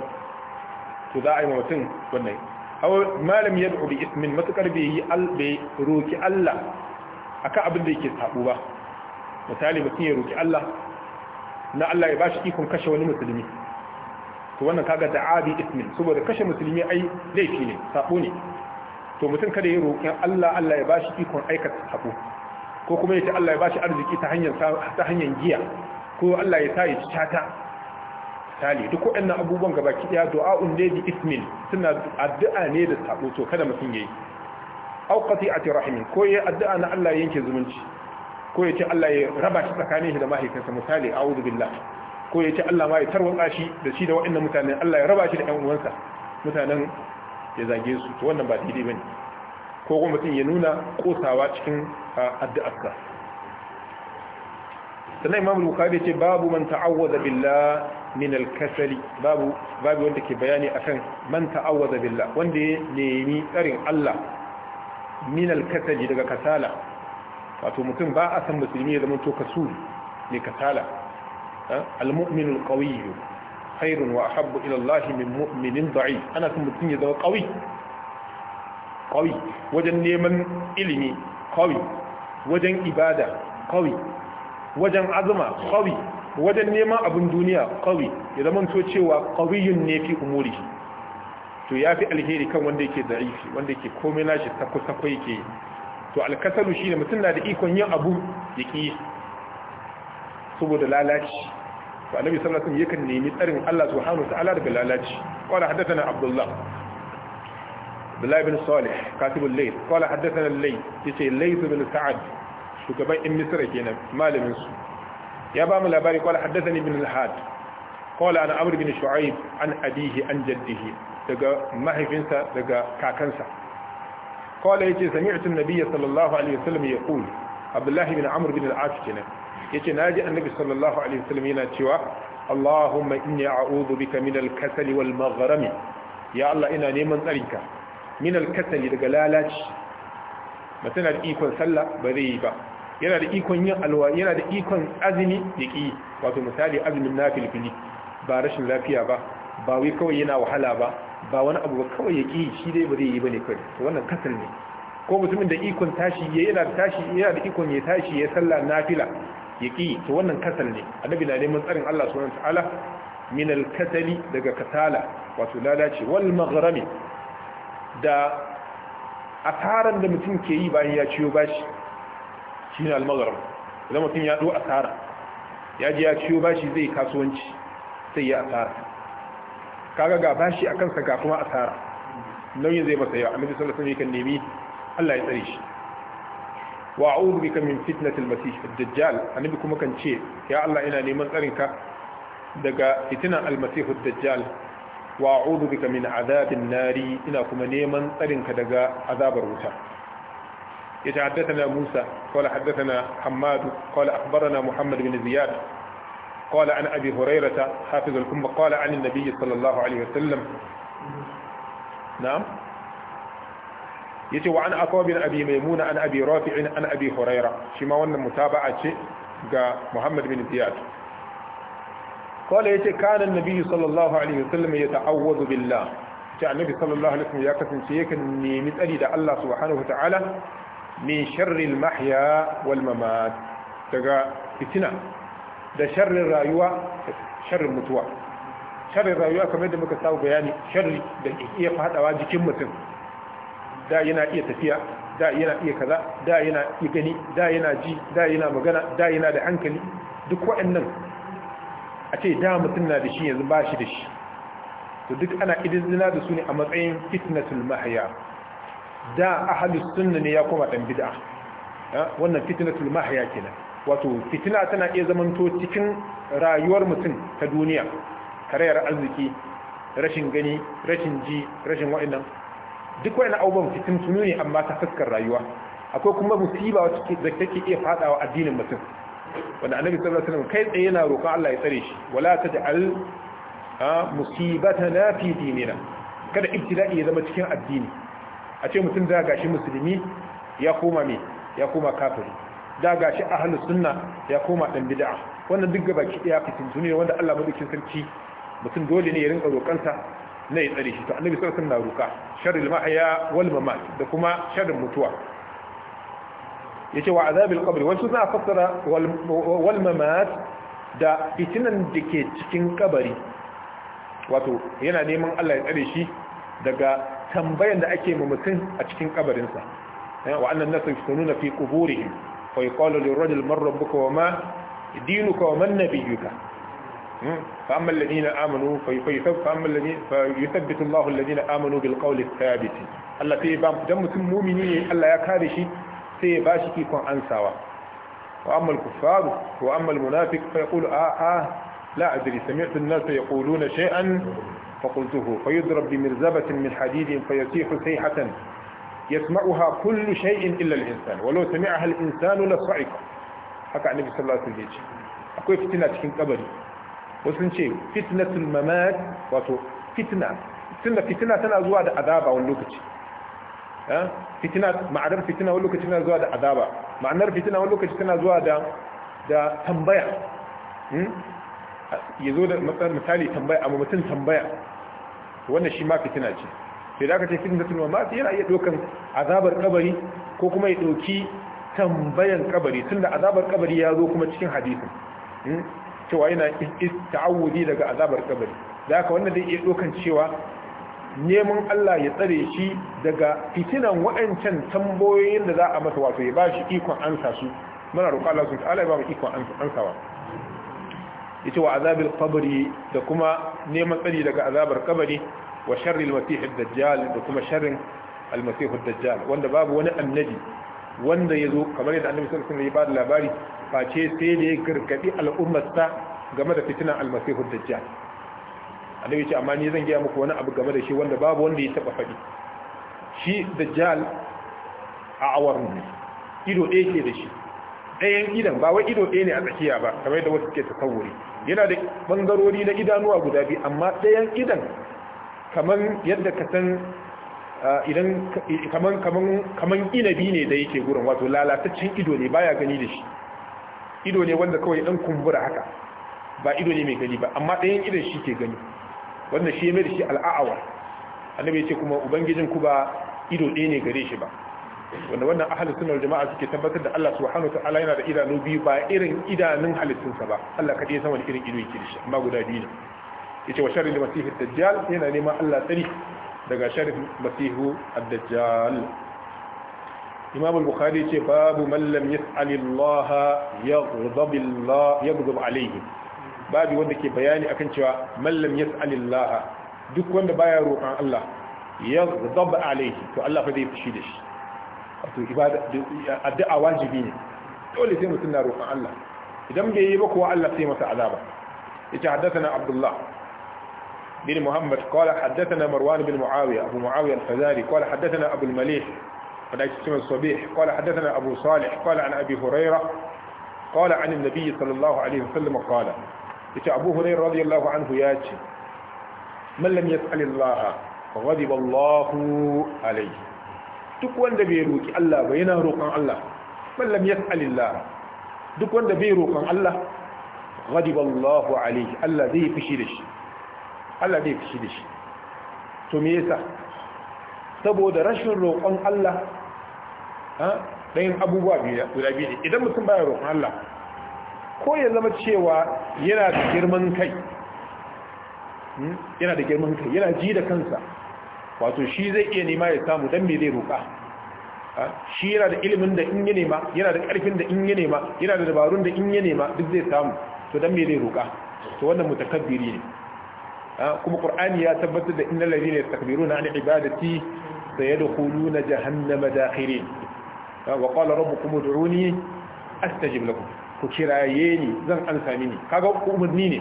to za a yi mutum wannan aw malam yad'u bi ismin matakar bi yi albe roki Allah aka abin da yake sabo ba misali mutum ya roki Allah na Allah ya bashi ikon kashe wani musulmi to wannan kaga da'a bi ismin saboda kashe musulmi ai laifi ne sabo ne to mutum kada ya roki Allah Allah ya bashi ikon aikata sabo ko kuma ya ce Allah ya bashi arziki ta hanyar giya ko Allah ya sa ya ci cata tali duk waɗannan abubuwan gaba ki ya do'a ne bi ismin suna addu'a ne da sako to kada mutum yayi au qati'ati rahimin ko ya addu'a na Allah yanke zumunci ko ya ce Allah ya raba shi tsakanin shi da mahaifinsa misali a'udhu billah ko ya ce Allah ma ya tarwatsa shi da shi da waɗannan mutanen Allah ya raba shi da ƴan uwansa mutanen ya zage su to wannan ba daidai bane ko kuma mutum ya nuna kosawa cikin addu'arsa sannan imam al ce babu man ta'awwada billah min al-kasali babu babu wanda ke bayani akan man ta'awwada billah wanda ya nemi tsarin Allah min al-kasali daga kasala wato mutum ba a san musulmi ya zama to kasuli ne kasala al-mu'minu al-qawiyyu khairun wa ahabbu ila Allah min mu'minin da'if ana san mutum ya zama qawi kawai wajen neman ilimi kawai wajen ibada kawai wajen azuma kawai wajen neman abin duniya kawai ya zama to cewa kawiyun ne fi umuri to ya fi alheri kan wanda yake da'ifi wanda yake komai nashi sako-sako yake to alkasalu shine mutum na da ikon yin abu da ki saboda lalaci to annabi sallallahu alaihi wasallam yakan nemi tsarin Allah subhanahu wa ta'ala daga lalaci qala hadathana abdullah Abdullah bin Salih katibul Layth qala haddathana Layth yace Layth bin Sa'ad shugaban in Misra kenan malamin su ya ba mu labari qala haddathani ibn al-Had qala ana Amr bin Shu'aib an abihi an jaddihi daga mahaifinsa daga kakansa qala yace sami'tu an-nabiy sallallahu alaihi wasallam yaqul Abdullah bin Amr bin al-As kenan yace naji annabi sallallahu alaihi wasallam yana cewa Allahumma inni a'udhu bika min al-kasali wal maghrami ya Allah ina neman tsarinka min alkasali daga lalaci mutum na da ikon sallah ba zai yi ba yana da ikon yin alwa yana da ikon azumi ya ƙi wato misali azumin na filfili ba rashin lafiya ba ba wai kawai yana wahala ba ba wani abu ba kawai ya ƙi shi dai ba zai yi ba ne kawai to wannan kasal ne ko mutumin da ikon tashi ya yana da tashi yana da ikon ya tashi ya sallah nafila ya ƙi to wannan kasal ne annabi na neman tsarin Allah subhanahu wa ta'ala min al-kasali daga kasala wato lalaci wal maghrami da asaran da mutum ke yi bayan ya ciyo bashi shi ne almagaram idan mutum ya ɗo asara ya ji ya ciyo bashi zai kasuwanci sai ya asara kaga ga bashi a kansa ga kuma asara nauyin zai masa yawa amince sallallahu alaihi kan nemi Allah ya tsare shi wa a'udhu bika min fitnatil masih ad-dajjal annabi kuma kan ce ya Allah ina neman tsarin ka daga fitinan al-masih ad-dajjal wa a'udhu bika min azabin nari ina kuma neman tsarinka daga azabar wuta ya yace haddatana Musa qala haddatana hamadu qala akhbarana Muhammad bin Ziyad qala an Abi Hurairah hafiz al-umma qala an an-nabiy sallallahu alaihi wasallam ya ce wa an Aqwa bin Abi Maimuna an Abi Rafi' an Abi Hurairah shi ma wannan mutaba'a ce ga Muhammad bin Ziyad kola yace kana annabi sallallahu alaihi wasallam yata'awwadu billah ta annabi sallallahu alaihi wasallam ya kasance yakan nemi tsari da Allah subhanahu ta'ala min sharri al-mahya wal mamat daga fitina da sharrin rayuwa da sharrin mutuwa sharrin rayuwa kamar da muka samu bayani sharri da iya fadawa jikin mutum da yana iya tafiya da yana iya kaza da yana iya gani da yana ji da yana magana da yana da hankali duk waɗannan a ce da mutum na da shi yanzu ba shi da shi to duk ana zina da su ne a matsayin fitnatul mahaya da ahalus sunna ne ya koma dan bid'a wannan fitnatul mahaya kenan wato fitina tana iya zamanto cikin rayuwar mutum ta duniya karayar arziki rashin gani rashin ji rashin wa'annan duk wani abubuwan fitin tunu ne amma ta fuskar rayuwa akwai kuma musiba wacce take iya fadawa addinin mutum wanda annabi sallallahu alaihi wasallam kai tsaye yana roƙon Allah ya tsare shi wala taj'al musibatana fi dinina kada ibtida'i ya zama cikin addini a ce mutum da gashi musulmi ya koma me ya koma kafiri da gashi ahlus sunna ya koma dan bid'a wannan duk gaba ki daya fitin duniya wanda Allah madaukin sarki mutum dole ne ya rinka roƙansa na ya tsare shi to annabi sallallahu alaihi wasallam na roƙa al mahya wal mamat da kuma sharri mutuwa yace wa azabil qabr wasu suna fassara wal mamat da fitinan da ke cikin kabari wato yana neman Allah ya tsare shi daga tambayan da ake ma mutum a cikin kabarinsa eh, wa annan nasu sununa fi quburihim fa yuqalu lirajul man rabbuka wa ma dinuka wa man nabiyyuka hmm, fa amma alladhina amanu fa yuthabbit fa amma alladhina fa yuthabbitu Allahu alladhina amanu bil qawli thabit Allah sai ba mutum mu'mini ne Allah ya kare shi سي باش باشكي كون انساوا واما الكفار واما المنافق فيقول اه اه لا ادري سمعت الناس يقولون شيئا فقلته فيضرب بمرزبة من حديد فيسيح سيحة يسمعها كل شيء الا الانسان ولو سمعها الانسان لصعق حكى النبي صلى الله عليه وسلم اكو فتنة تكين قبل وسنشي فتنة الممات وفتنة فتنة فتنة تنازوها عذابا واللوكتي fitina ma'anar fitina wani lokaci tana zuwa da azaba ma'anar fitina wani lokaci tana zuwa da da tambaya hmm? ya zo da misali tambaya amma mutum tambaya wannan shi ma fitina ce sai da aka ce fitina tun ma yana iya dokan azabar kabari ko kuma ya doki tambayan kabari tunda azabar kabari ya zo kuma cikin hadisin hmm? cewa yana ta'awudi daga azabar kabari da aka wannan dai iya dokan cewa neman Allah ya tsare shi daga fitinan waɗancan tambayoyin da za a masa wato ya ba shi ikon ansa su muna roƙa Allah subhanahu ta'ala ya ba mu ikon ansawa ce wa azabin kabari da kuma neman tsari daga azabar kabari wa sharri almasihar dajjal da kuma sharrin almasihar dajjal wanda babu wani annabi wanda ya zo kamar yadda annabi sun ya ba labari face sai da ya gargaɗi al'ummarsa game da fitinan almasihar dajjal annabi ce amma ni zan gaya muku wani abu game da shi wanda babu wanda ya taba faɗi shi dajjal a awarun ne ido ɗaya ke da shi ɗayan idan ba wai ido ɗaya ne a tsakiya ba kamar yadda wasu ke tasawuri yana da bangarori na idanuwa guda biyu amma ɗayan idan kamar yadda ka san idan kaman kaman kaman inabi ne da yake gurin wato lalataccen ido ne baya gani da shi ido ne wanda kawai dan kumbura haka ba ido ne mai gani ba amma ɗayan idan shi ke gani wannan shi mai da shi al'a'awa annabi ya ce kuma ubangijin ku ba ido ɗaya ne gare shi ba wanda wannan ahalin sunar jama'a suke tabbatar da Allah subhanahu wa ta'ala yana da idanu biyu ba irin idanun halittunsa ba Allah kaɗai ya san wani irin ido yake da shi amma guda biyu ne yace wa sharri masihi dajjal yana neman Allah tsari daga sharri masihu ad-dajjal imam al-bukhari ce babu man lam ya Allah yaghdab babu wanda ke bayani akan cewa mallam yas'alillaha duk wanda baya roƙon Allah zaba alayhi to Allah fa zai fushi da shi wato ibada addu'a wajibi ne dole sai mutum na roƙon Allah idan bai yi ba kuwa Allah sai masa azaba yace haddathana Abdullah بن محمد قال حدثنا مروان بن معاوية أبو معاوية الفزاري قال حدثنا أبو المليح ونعيش اسم الصبيح قال حدثنا أبو صالح قال عن أبي هريرة قال عن النبي صلى الله عليه وسلم قال yace Abu Hurairah radiyallahu anhu ya ce man lam yas'al Allah ghadiba Allah alayhi duk wanda bai roki Allah ba yana roƙon Allah man lam yas'al Allah duk wanda bai roƙon Allah ghadiba Allah alayhi Allah zai fishi da shi Allah zai fishi da shi to me yasa saboda rashin roƙon Allah ɗayan abubuwa biyu guda biyu idan mutum baya roƙon Allah ko ya zama cewa yana da girman kai hmm? yana da girman kai yana ji da kansa wato shi zai iya nema ya samu dan me zai roƙa shi yana da ilimin da in ya nema yana da ƙarfin da in ya nema yana da dabarun da in ya nema duk zai samu to dan me zai roƙa to wannan mutakabbiri ne kuma qur'ani ya tabbatar da innal ladina yastakbiruna an ibadati sayadkhuluna jahannama dakhirin wa qala rabbukum ud'uni astajib lakum ku kiraye ni zan ansa mini kaga umarni ne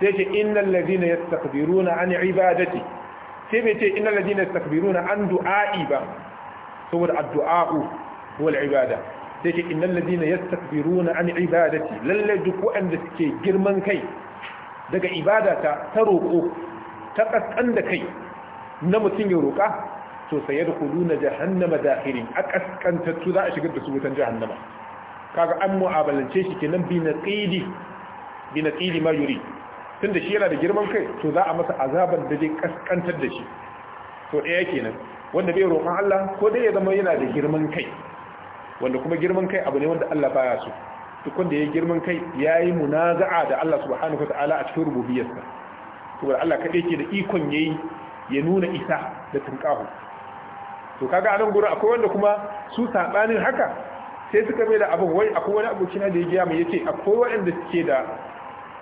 sai ce innal ladina yastakbiruna an ibadati sai bai ce innal ladina yastakbiruna an du'a'i ba saboda addu'a'u wal ibada sai ce innal ladina yastakbiruna an ibadati lalle duk wanda suke girman kai daga ibadata ta roƙo ta kaskan da kai na mutum ya roƙa to sayar kuluna jahannama dakhirin a kaskantattu za a shigar da su wutan jahannama kaga an mu'abalance shi kenan bi qidi bi qidi ma yuri tunda shi yana da girman kai to za a masa azaban da zai kaskantar da shi to ɗaya kenan wanda bai roƙon Allah ko dai ya zama yana da girman kai wanda kuma girman kai abu ne wanda Allah baya so duk wanda ya girman kai yayi munaza'a da Allah subhanahu wataala a cikin rububiyarsa to Allah kadai yake da ikon yayi ya nuna isa da tunƙahu to kaga anan gura akwai wanda kuma su sabanin haka sai suka mai da abin wai akwai wani abokin da ya gaya mai yace akwai waɗanda suke da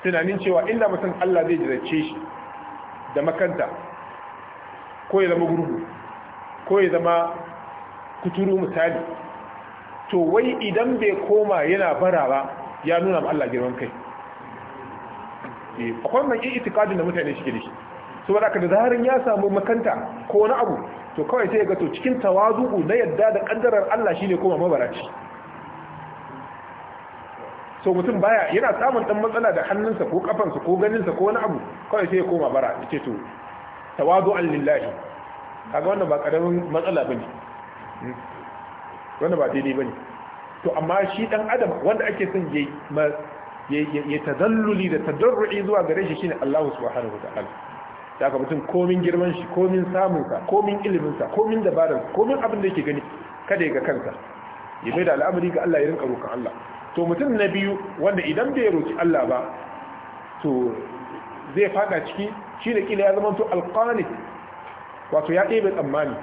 tunanin cewa inda mutum Allah zai jirace shi da makanta ko ya zama gurgu ko ya zama kuturu misali to wai idan bai koma yana bara ba ya nuna ma Allah girman kai eh, akwai mai itikadin da mutane suke da shi saboda ka da zaharin ya samu makanta ko wani abu to kawai sai ya ga to cikin tawazu'u na yadda da kaddarar Allah shine koma mabaraci so mutum baya yana samun dan matsala da hannunsa ko kafansa ko ganinsa ko wani abu kawai sai ya koma bara yace to tawadu'an lillahi kaga wannan ba karamin matsala bane hmm. wannan ba daidai bane to amma shi dan adam wanda ake son yayi ya tazalluli da tadarru'i zuwa gare shi shine Allah subhanahu wataala da ka mutum komin girman shi komin samun sa komin ilimin sa komin dabarar komin abin da yake gani kada ya ga kansa ya bai da al'amari ga Allah ya rinka roƙon Allah to mutum na biyu wanda idan bai roki Allah ba to zai fada ciki shi da kila ya zama to alqanit wato ya ɗebe tsammani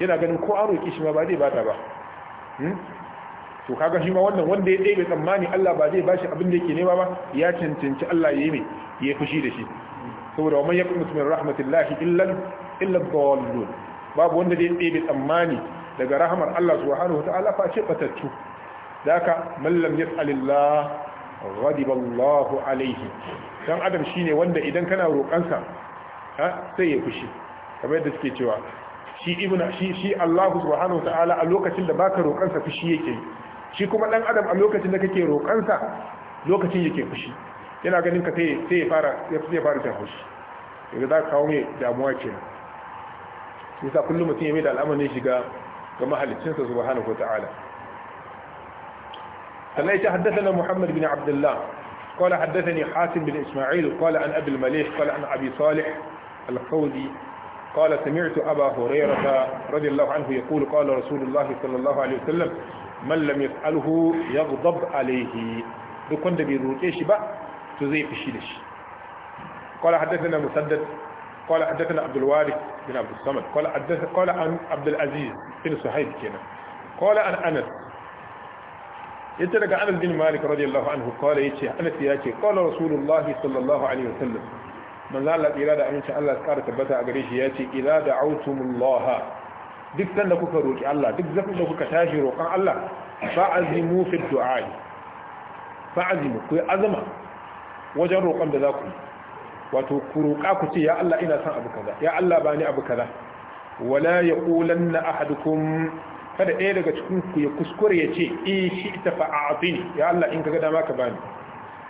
yana ganin ko an roki shi ma ba zai bata ba hmm? to kaga shi ma wannan wanda ya ɗebe tsammani Allah ba zai bashi abin da yake nema ba ya cancanci Allah ya yi mai ya fushi da shi saboda wa man yaqnut min rahmatillahi illa illa dhallun babu wanda zai ɗebe tsammani daga rahamar Allah subhanahu ta'ala fa ce batattu daka mallam yas'alillah ghadiballahu alaihi dan adam shine wanda idan kana roƙansa ha sai ya fushi kamar yadda suke cewa shi ibnu shi shi Allah subhanahu wataala a lokacin da baka roƙansa fushi yake shi kuma dan adam a lokacin da kake roƙansa lokacin yake fushi yana ganin ka sai sai ya fara ya sai fara fushi yanzu za ka kawo mai damuwa ke. yasa kullum mutum ya mai da al'amarin shiga ga mahaliccinsa subhanahu wataala فليت حدثنا محمد بن عبد الله قال حدثني حاتم بن إسماعيل قال عن أبي المليح قال عن أبي صالح الخوذي قال سمعت أبا هريرة رضي الله عنه يقول قال رسول الله صلى الله عليه وسلم من لم يفعله يغضب عليه دو كنت بيروت إيش با تزيف الشيلش قال حدثنا مسدد قال حدثنا عبد الوارث بن عبد الصمد قال قال عن عبد العزيز بن صهيب كنا قال عن أنس yace daga Anas bin Malik radiyallahu anhu kala yace Anas ya ce qala Rasulullahi sallallahu alaihi wasallam manzo Allah tsira da aminci Allah tsara tabbata a gare shi yace idza da'awtumullaha duk sanda kuka roki Allah duk zafin da kuka tashi roƙon Allah fa'azimu fi du'a fa'azimu ku azama wajen roƙon da za ku wato ku roƙa ku ce ya Allah ina son abu kaza ya Allah bani abu kaza wala yaqulanna ahadukum kada ɗaya daga cikin ku ya kuskure ya ce eh shi ta fa a'tini ya Allah in kaga dama ka bani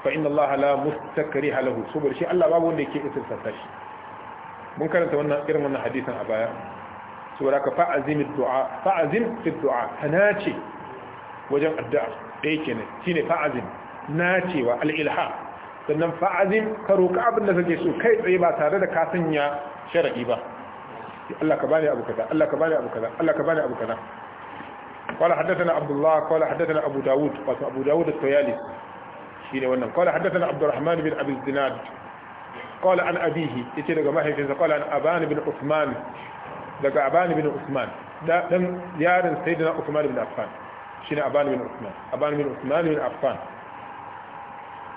fa inna Allah la mustakriha lahu saboda shi Allah babu wanda yake isarsa shi mun karanta wannan irin wannan hadisin a baya saboda ka fa'azim du'a fa'azim fi du'a ce wajen addu'a ɗaya kenan shine fa'azim wa al-ilha sannan fa'azim ka roƙa abin da kake so kai tsaye ba tare da ka sanya shar'i ba Allah ka bani abu kaza Allah ka bani abu kaza Allah ka bani abu kaza قال حدثنا عبد الله قال حدثنا أبو داود قال أبو داود الطيالي شيني ونم قال حدثنا عبد الرحمن بن أبي الزناد قال عن أبيه يتلقى ما هي قال عن أبان بن عثمان لقى أبان بن عثمان ده لم يارن سيدنا عثمان بن عفان شنو أبان بن عثمان أبان بن عثمان بن عفان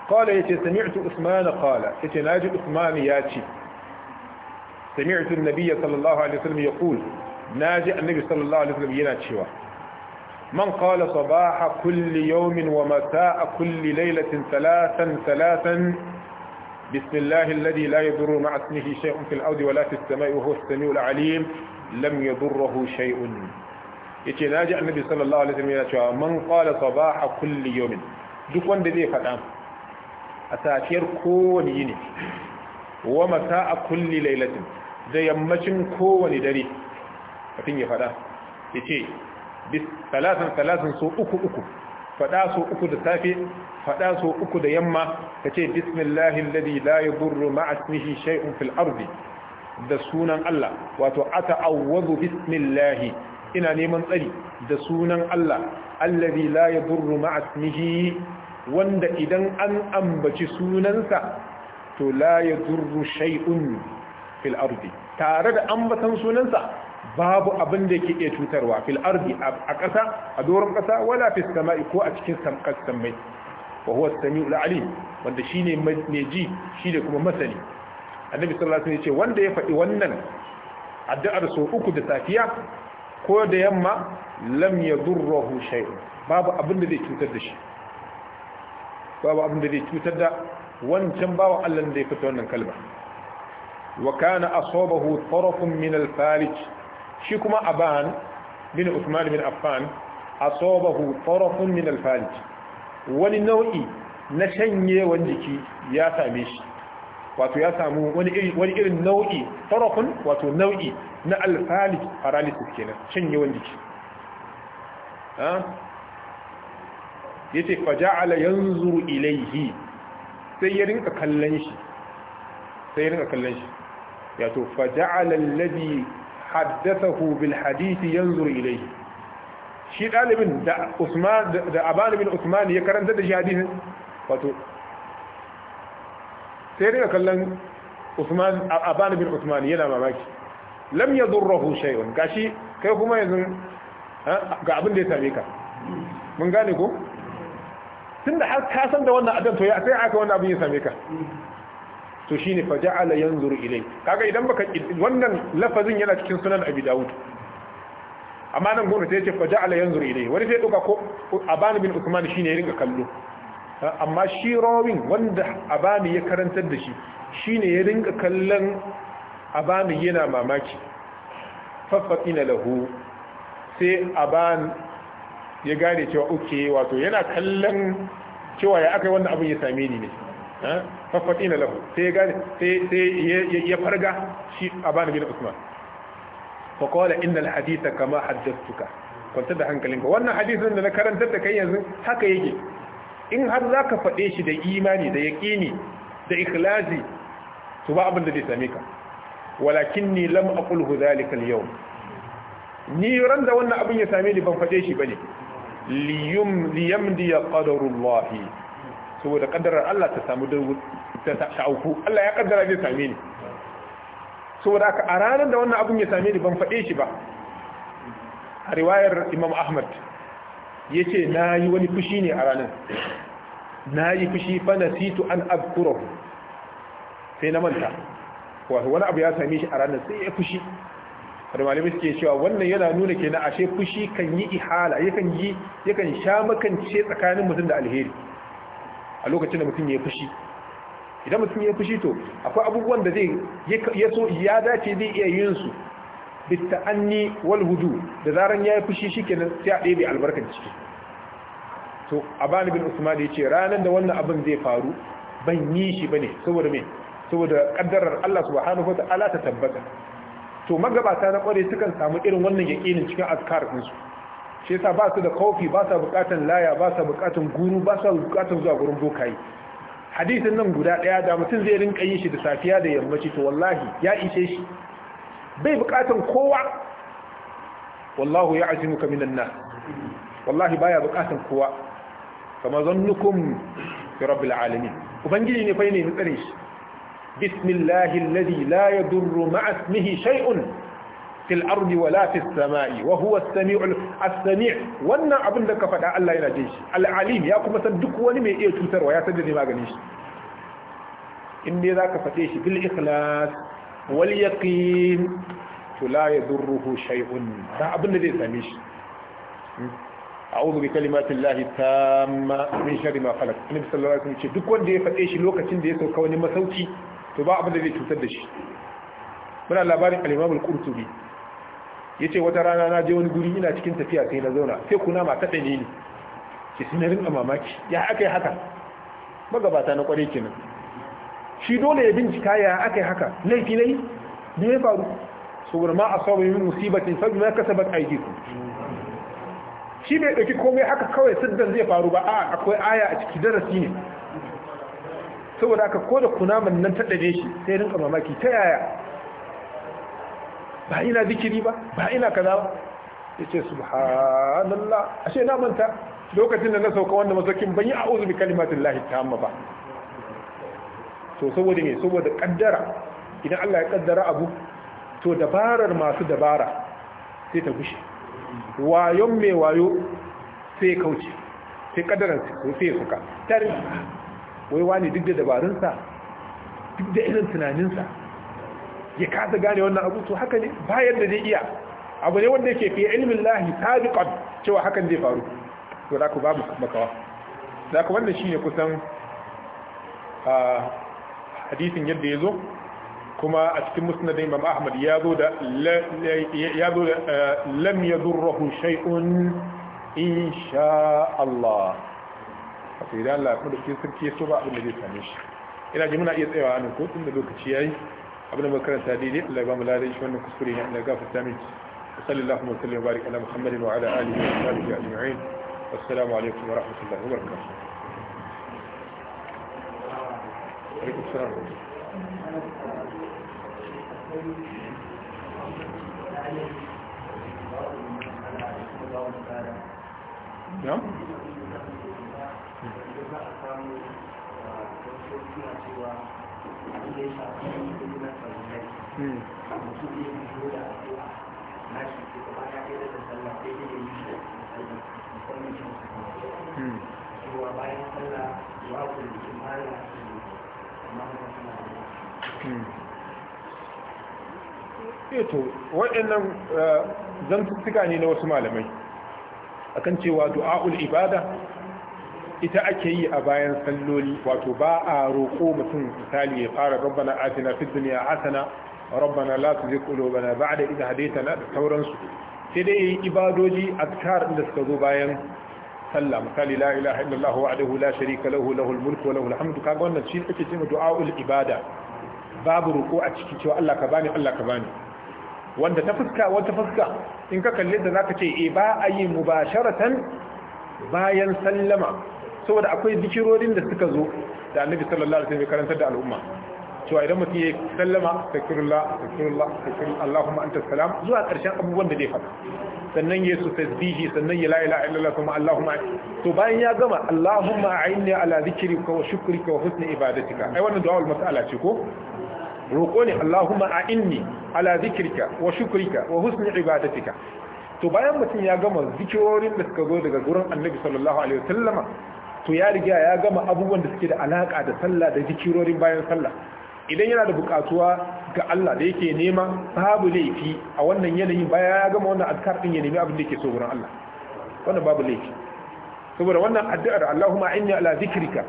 قال يتي سمعت عثمان قال يتي ناجي عثمان ياتي سمعت النبي صلى الله عليه وسلم يقول ناجي النبي صلى الله عليه وسلم يناتشيوه من قال صباح كل يوم ومساء كل ليلة ثلاثا ثلاثا بسم الله الذي لا يضر مع اسمه شيء في الأرض ولا في السماء وهو السميع العليم لم يضره شيء yace na ji annabi sallallahu alaihi wasallam yana cewa man qala sabaha kulli yawmin duk wanda zai faɗa a safiyar kowane yini wa mata'a kulli lailatin da yammacin kowane dare ya talatin salasan so uku uku fada so uku da safe fada so uku da yamma kace bismillahi alladhi la yadurru ma'a ismihi shay'un fil ardi da sunan Allah wato ata'awwadhu bismillahi ina neman tsari da sunan Allah alladhi la yadurru ma'a ismihi wanda idan an ambaci sunansa to la yadurru shay'un fil ardi tare da ambatan sunansa babu abin da ke iya cutarwa fil ardi a ƙasa a doron ƙasa wala fis sama'i ko a cikin samkar samai wa huwa samiul alim wanda shine ne ji shine kuma masani annabi sallallahu alaihi wasallam yace wanda ya faɗi wannan addu'ar so uku da safiya ko da yamma lam yadurruhu shay'un babu abin da zai cutar da shi babu abin da zai cutar da wancan bawa Allah da ya fita wannan kalma wa kana asabahu tarafun min al-falij shi kuma aban bin usman bin affan asabahu tarafun min al wani nau'i na shanyewan jiki ya same shi wato ya samu wani irin nau'i tarafun wato nau'i na al-falj paralysis kenan shanyewan jiki yace faja'ala yanzuru ilayhi sai ya rinka kallon shi sai ya rinka kallon shi yato fa faja'ala alladhi haddathahu bil hadith yanzur ilayhi shi dalibin da Usman da Aban bin Usman ya karanta da shi hadisin wato sai dai kallon Usman Aban bin Usman yana mamaki lam yadurruhu shay'un gashi kai kuma yanzu ga abin da ya same ka mun gane ko tunda har ka san da wannan adan to ya sai aka wannan abin ya same ka to shi ne fa yan zuru ilai kaga idan baka wannan lafazin yana cikin sunan abi Dawud amma nan gona sai ce fa yan zuru ilai wani sai ɗuka ko bani bin usman shi ne ya ringa kallo amma shi rawin wanda abani ya karantar da shi shi ne ya ringa kallon abani yana mamaki na lahu sai aban ya gane cewa uke wato yana kallon cewa ya yi wannan abin ya same ni ne fa fatina lahu sai ya gane sai sai farga shi abana bin usman fa qala innal haditha kama haddathtuka kwanta da hankalinka wannan hadisin da na karanta da kai yanzu haka yake in har zaka faɗe shi da imani da yakini, da ikhlasi to ba abin da zai same ka walakinni lam aqulhu dhalika al-yawm ni ran da wannan abin ya same ni ban fade shi bane liyum liyamdi saboda kaddarar Allah ta samu da ta auku Allah ya kaddara zai same ni saboda aka a ranar da wannan abin ya same ni ban faɗe shi ba a riwayar Imam Ahmad ya ce na yi wani fushi ne a ranar na yi fushi fa nasitu an abkurahu sai na manta wato wani abu ya same shi a ranar sai ya fushi da malamai suke cewa wannan yana nuna kenan ashe fushi kan yi ihala yakan yi yakan sha makance tsakanin mutum da alheri a lokacin da mutum ya fushi idan mutum ya fushi to akwai abubuwan da zai ya so ya dace zai iya yin su bitta'anni wal hudu da zaran ya fushi shikenan sai a ɗebe albarkar ciki to abani bin usman ya ce ranar da wannan abin zai faru ban yi shi bane saboda me saboda kaddarar Allah subhanahu wataala ta tabbata to magabata na kware sukan samu irin wannan yakinin cikin azkar shi yasa ba su da kofi ba su bukatan laya ba su bukatan guru ba sa bukatan zuwa gurin bokaye hadisin nan guda daya da mutum zai rinka yin shi da safiya da yammaci to wallahi ya ishe shi bai bukatan kowa wallahu ya azimuka minan nas wallahi baya bukatan kowa kama zannukum bi rabbil alamin ubangiji ne fa ne tsare shi bismillahil ladhi la yadurru ma'a ismihi shay'un fil ardi wala fis samai wa huwa as-sami'ul as-sami' wannan abin da ka faɗa Allah yana jin shi ya kuma san duk wani mai iya cutarwa ya san da ne maganin shi in dai zaka faɗe shi bil ikhlas wal to la yadurruhu shay'un da abin da zai same shi a'udhu bi kalimati llahi tamma min sharri ma khalaq annabi sallallahu alaihi wasallam ce duk wanda ya faɗe shi lokacin da ya sauka wani masauki to ba abin da zai da shi muna labarin al-imam yace wata rana na je wani guri ina cikin tafiya sai na zauna sai kuna ma kaɗa ne ni ke sinarin a mamaki ya aka yi haka magabata na kwarai kenan shi dole ya bincika ya aka yi haka laifi na yi ne ya faru saboda ma a saba min musibatin sabi ma kasa bat aiki ku shi bai ɗauki komai haka kawai siddan zai faru ba a akwai aya a ciki darasi ne saboda aka koda da kunaman nan taɗa ne shi sai rinka mamaki ta yaya ba ina zikiri ba ba ina kaza ba yace subhanallah ashe na manta lokacin da na sauka wannan masaukin ban yi a'udhu bi kalimatillahi hamma ba to saboda me saboda kaddara idan Allah ya kaddara abu to dabarar masu dabara sai ta gushe wayon mai wayo sai kauce sai kaddaran sai suka tare wai wani duk da dabarunsa duk da irin tunaninsa ya kasa gane wannan abu to haka ne bayan da zai iya abu ne wanda yake fi ilmin lahi sabiqan cewa hakan zai faru to da ku babu makawa da ku wannan shine kusan a hadisin yadda yazo kuma a cikin musnad Imam Ahmad ya zo da ya zo da lam yadurruhu shay'un insha Allah wato idan Allah ya kuma da sarki so ba abin da zai same shi ina ji muna iya tsayawa nan ko tun da lokaci yayi ابن بكر الساديدي الله يبارك له ليش من كفر يعني لقاف التامين وصلى الله وسلم وبارك على محمد وعلى اله وصحبه اجمعين والسلام عليكم ورحمه الله وبركاته نعم Thank you. Eh to waɗannan eh, zantuttuka ne na wasu malamai akan cewa du'a'ul ibada ita ake yi a bayan salloli wato ba a roƙo mutum misali ya fara rabbana atina fid dunya hasana rabbana la tuzigh qulubana ba'da idh hadaytana da sauransu sai dai ibadoji azkar da suka zo bayan sallah misali la ilaha illallah wahdahu la sharika lahu lahul mulku wa lahul hamdu kaga wannan shi ake cewa du'aul ibada babu roƙo a ciki cewa Allah ka bani Allah ka bani wanda ta fuska wata fuska in ka kalle da zaka ce eh ba a yi mubasharatan bayan sallama saboda akwai zikirorin da suka zo da annabi sallallahu alaihi wasallam karantar da al'umma cewa idan mutum yake sallama takfirullah takfirullah takfirullah allahumma anta salam zuwa karshen abubuwan da zai faɗa sannan ya su tasbihi sannan ya la ilaha illallah kuma allahumma to bayan ya gama allahumma a'inni ala zikrika wa shukrika wa husni ibadatika ai wannan du'a mas'ala ce ko roƙo ne allahumma a'inni ala zikrika wa shukrika wa husni ibadatika to bayan mutum ya gama zikirorin da suka zo daga gurin annabi sallallahu alaihi wasallama to ya riga ya gama abubuwan da suke da alaka da sallah da zikirorin bayan sallah idan yana da bukatuwa ga Allah da yake nema babu laifi a wannan yanayin baya ya gama wannan azkar din ya nemi abin da yake so wurin Allah wannan babu laifi saboda wannan addu'ar Allahumma inni ala zikrika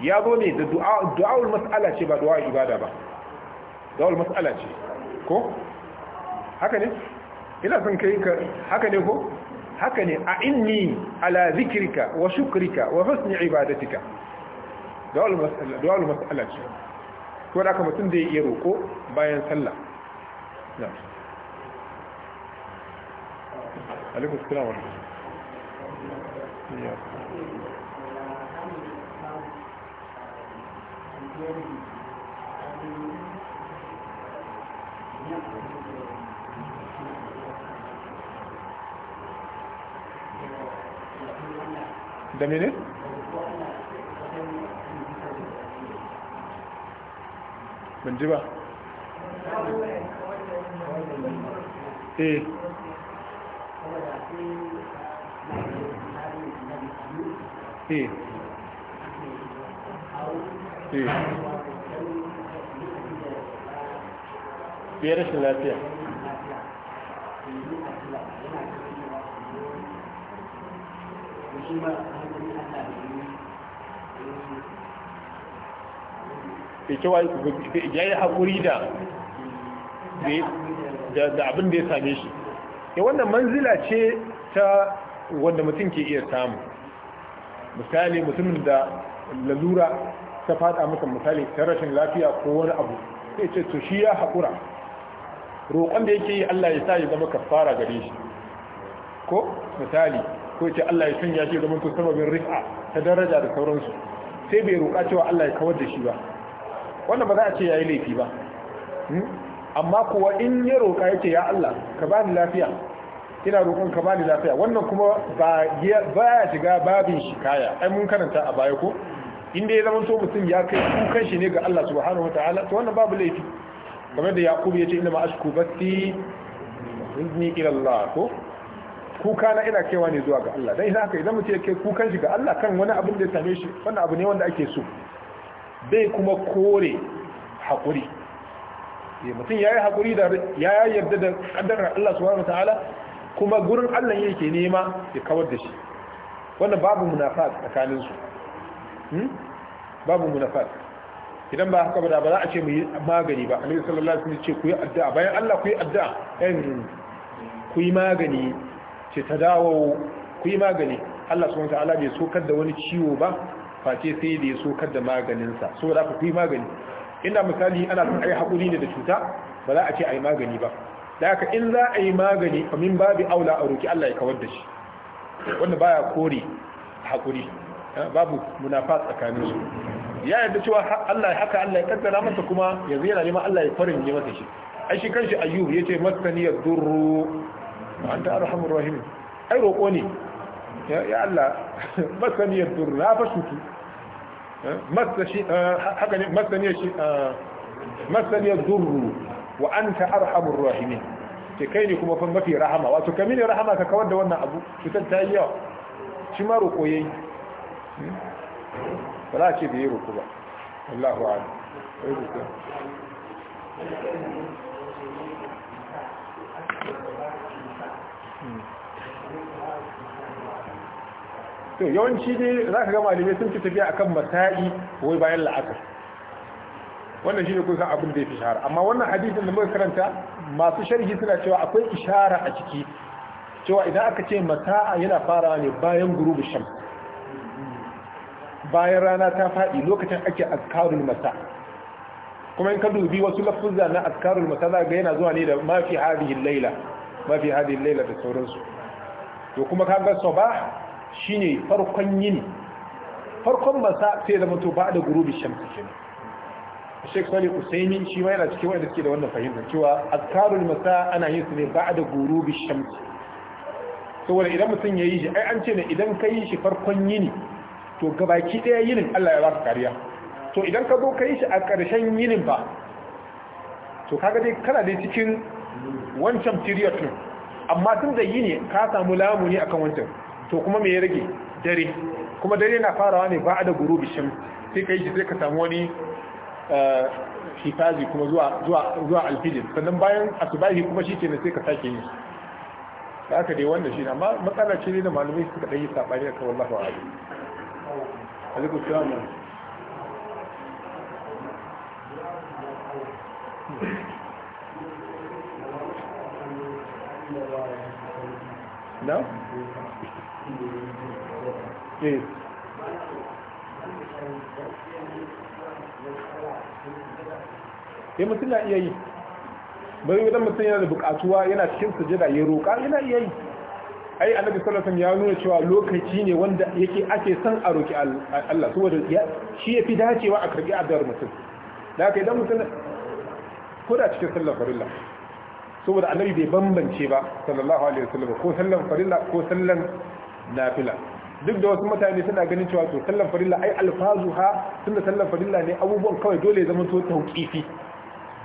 ya zo ne da du'a du'aul mas'ala ce ba du'a ibada ba du'aul mas'ala ce ko haka ne ina son kai ka haka ne ko haka ne a inni ala zikirka wa shukrika wa husni ibadatika du'al mas'ala du'al mas'ala ce ko da aka mutum da ya roko bayan sallah na alaikum assalam ya Thank you. da mene ban ji ba eh eh eh fiye rashin lafiya bai cewa ya yi haƙuri da abin da ya same shi ya wannan manzila ce ta wanda mutum ke iya samu misali mutumin da lalura ta fada mutum misali ta rashin lafiya ko wani abu sai ce to shi ya haƙura roƙon da yake yi Allah ya sa ya zama kafara gare shi ko misali ko ce Allah ya sanya shi ga mutum sababin rik'a ta daraja da sauransu sai bai roƙa cewa Allah ya kawar da shi ba wannan ba za a ce ya yi laifi ba hmm? amma kuwa in ya roƙa yake ya Allah ka bani lafiya ina roƙon ka bani lafiya wannan kuma ba ya shiga babin shikaya ai mun karanta a baya ko inda ya zama to mutum ya kai kukan shi ne ga Allah subhanahu wataala to wannan babu laifi kamar da Yaqub ya ce inna ma ashku basti izni ila Allah ko kuka na ina kaiwa ne zuwa ga Allah dan idan haka idan mutum ya kai kukan shi ga Allah kan wani abin da ya same shi wannan abu ne wanda ake so bai kuma kore haƙuri eh, mutum ya yi haƙuri da ya yarda da ƙaddarar Allah subhanahu ta'ala kuma gurin Allah yake nema ya kawar da shi wannan babu munafa tsakanin su hmm? babu munafa idan ba haka ba ba za a ce mu yi magani ba annabi sallallahu alaihi wasallam ce ku yi addu'a bayan Allah ku yi addu'a ɗan ku yi magani ce ta dawo ku yi magani Allah subhanahu ta'ala bai sokar da wani ciwo ba face sai da ya sokar da maganinsa so da ku fi magani inda misali ana son a yi haƙuri ne da cuta ba za a ce a yi magani ba da aka in za a yi magani a min babu aula a roƙi Allah ya kawar da shi wanda baya kore haƙuri babu munafa tsakanin su ya yarda cewa Allah ya haka Allah ya kaddara masa kuma yanzu yana neman Allah ya farin ne masa shi ai shi kanshi ayyub yace masani yadurru wa anta arhamur rahim ai roƙo ne ya Allah masaniyar duru na fa shutu eh, eh, haka ne masaniyar shi eh, masaniyar durr wa anta arhamur rahimin ke kai ne kuma mafi rahama wato kamin rahama ka kawar da wannan abu cutar ta yi yawa shi ma roƙo yayi hmm? ba za a ce da yi roƙo ba wallahu a'lam to yawanci dai za ka ga malamai sun fi tafiya akan masa'i wai bayan la'akar wannan shine ne san abin da ya fi shahara amma wannan hadisin da muka karanta masu sharhi suna cewa akwai ishara a ciki cewa idan aka ce mata'a yana fara ne bayan gurubu sham bayan rana ta faɗi lokacin ake azkarul mata kuma in ka dubi wasu lafuzza na azkarul masa za ga yana zuwa ne da mafi hadihin laila mafi hadihin laila da sauransu to kuma ka ga sabah shine farkon yini farkon masa sai zama to ba da gurubi shamsi kenan Sheikh Salih Usaini shi ma yana cikin wanda suke da wannan fahimta cewa azkarul masa ana yin su ne ba da gurubi shamsi saboda idan mutum ya yi shi ai an ce ne idan ka yi shi farkon yini to gabaki daya yinin Allah ya baka kariya to idan ka zo ka yi shi a ƙarshen yinin ba to kaga dai kana dai cikin wancan period din amma tun da yini ka samu lamuni akan wancan to kuma me ya rage dare kuma dare na farawa ne ba da guru bishin sai kai shi sai ka samu wani eh, hifazi kuma zuwa zuwa zuwa sannan bayan asubahi kuma shi ke na sai ka sake yi da aka dai wannan shi ne amma matsala ce ne da malamai suka ka yi ya a kawo lafa wa Não? ya eh. eh, mutum na iya yi bari idan mutum yana da bukatuwa yana cikin sujada ya roƙa yana iya yi ai annabi sallallahu alaihi ya nuna cewa lokaci ne wanda yake ake son a roki Allah saboda shi yafi dacewa a karbi addu'ar mutum da kai idan mutum ko da cikin sallar farilla saboda annabi bai bambance ba sallallahu alaihi wasallam ko sallar farilla ko sallar nafila duk da wasu mutane suna ganin cewa to sallan farilla ai alfazuha tunda sallan farilla ne abubuwan kawai dole ya zama to tauqifi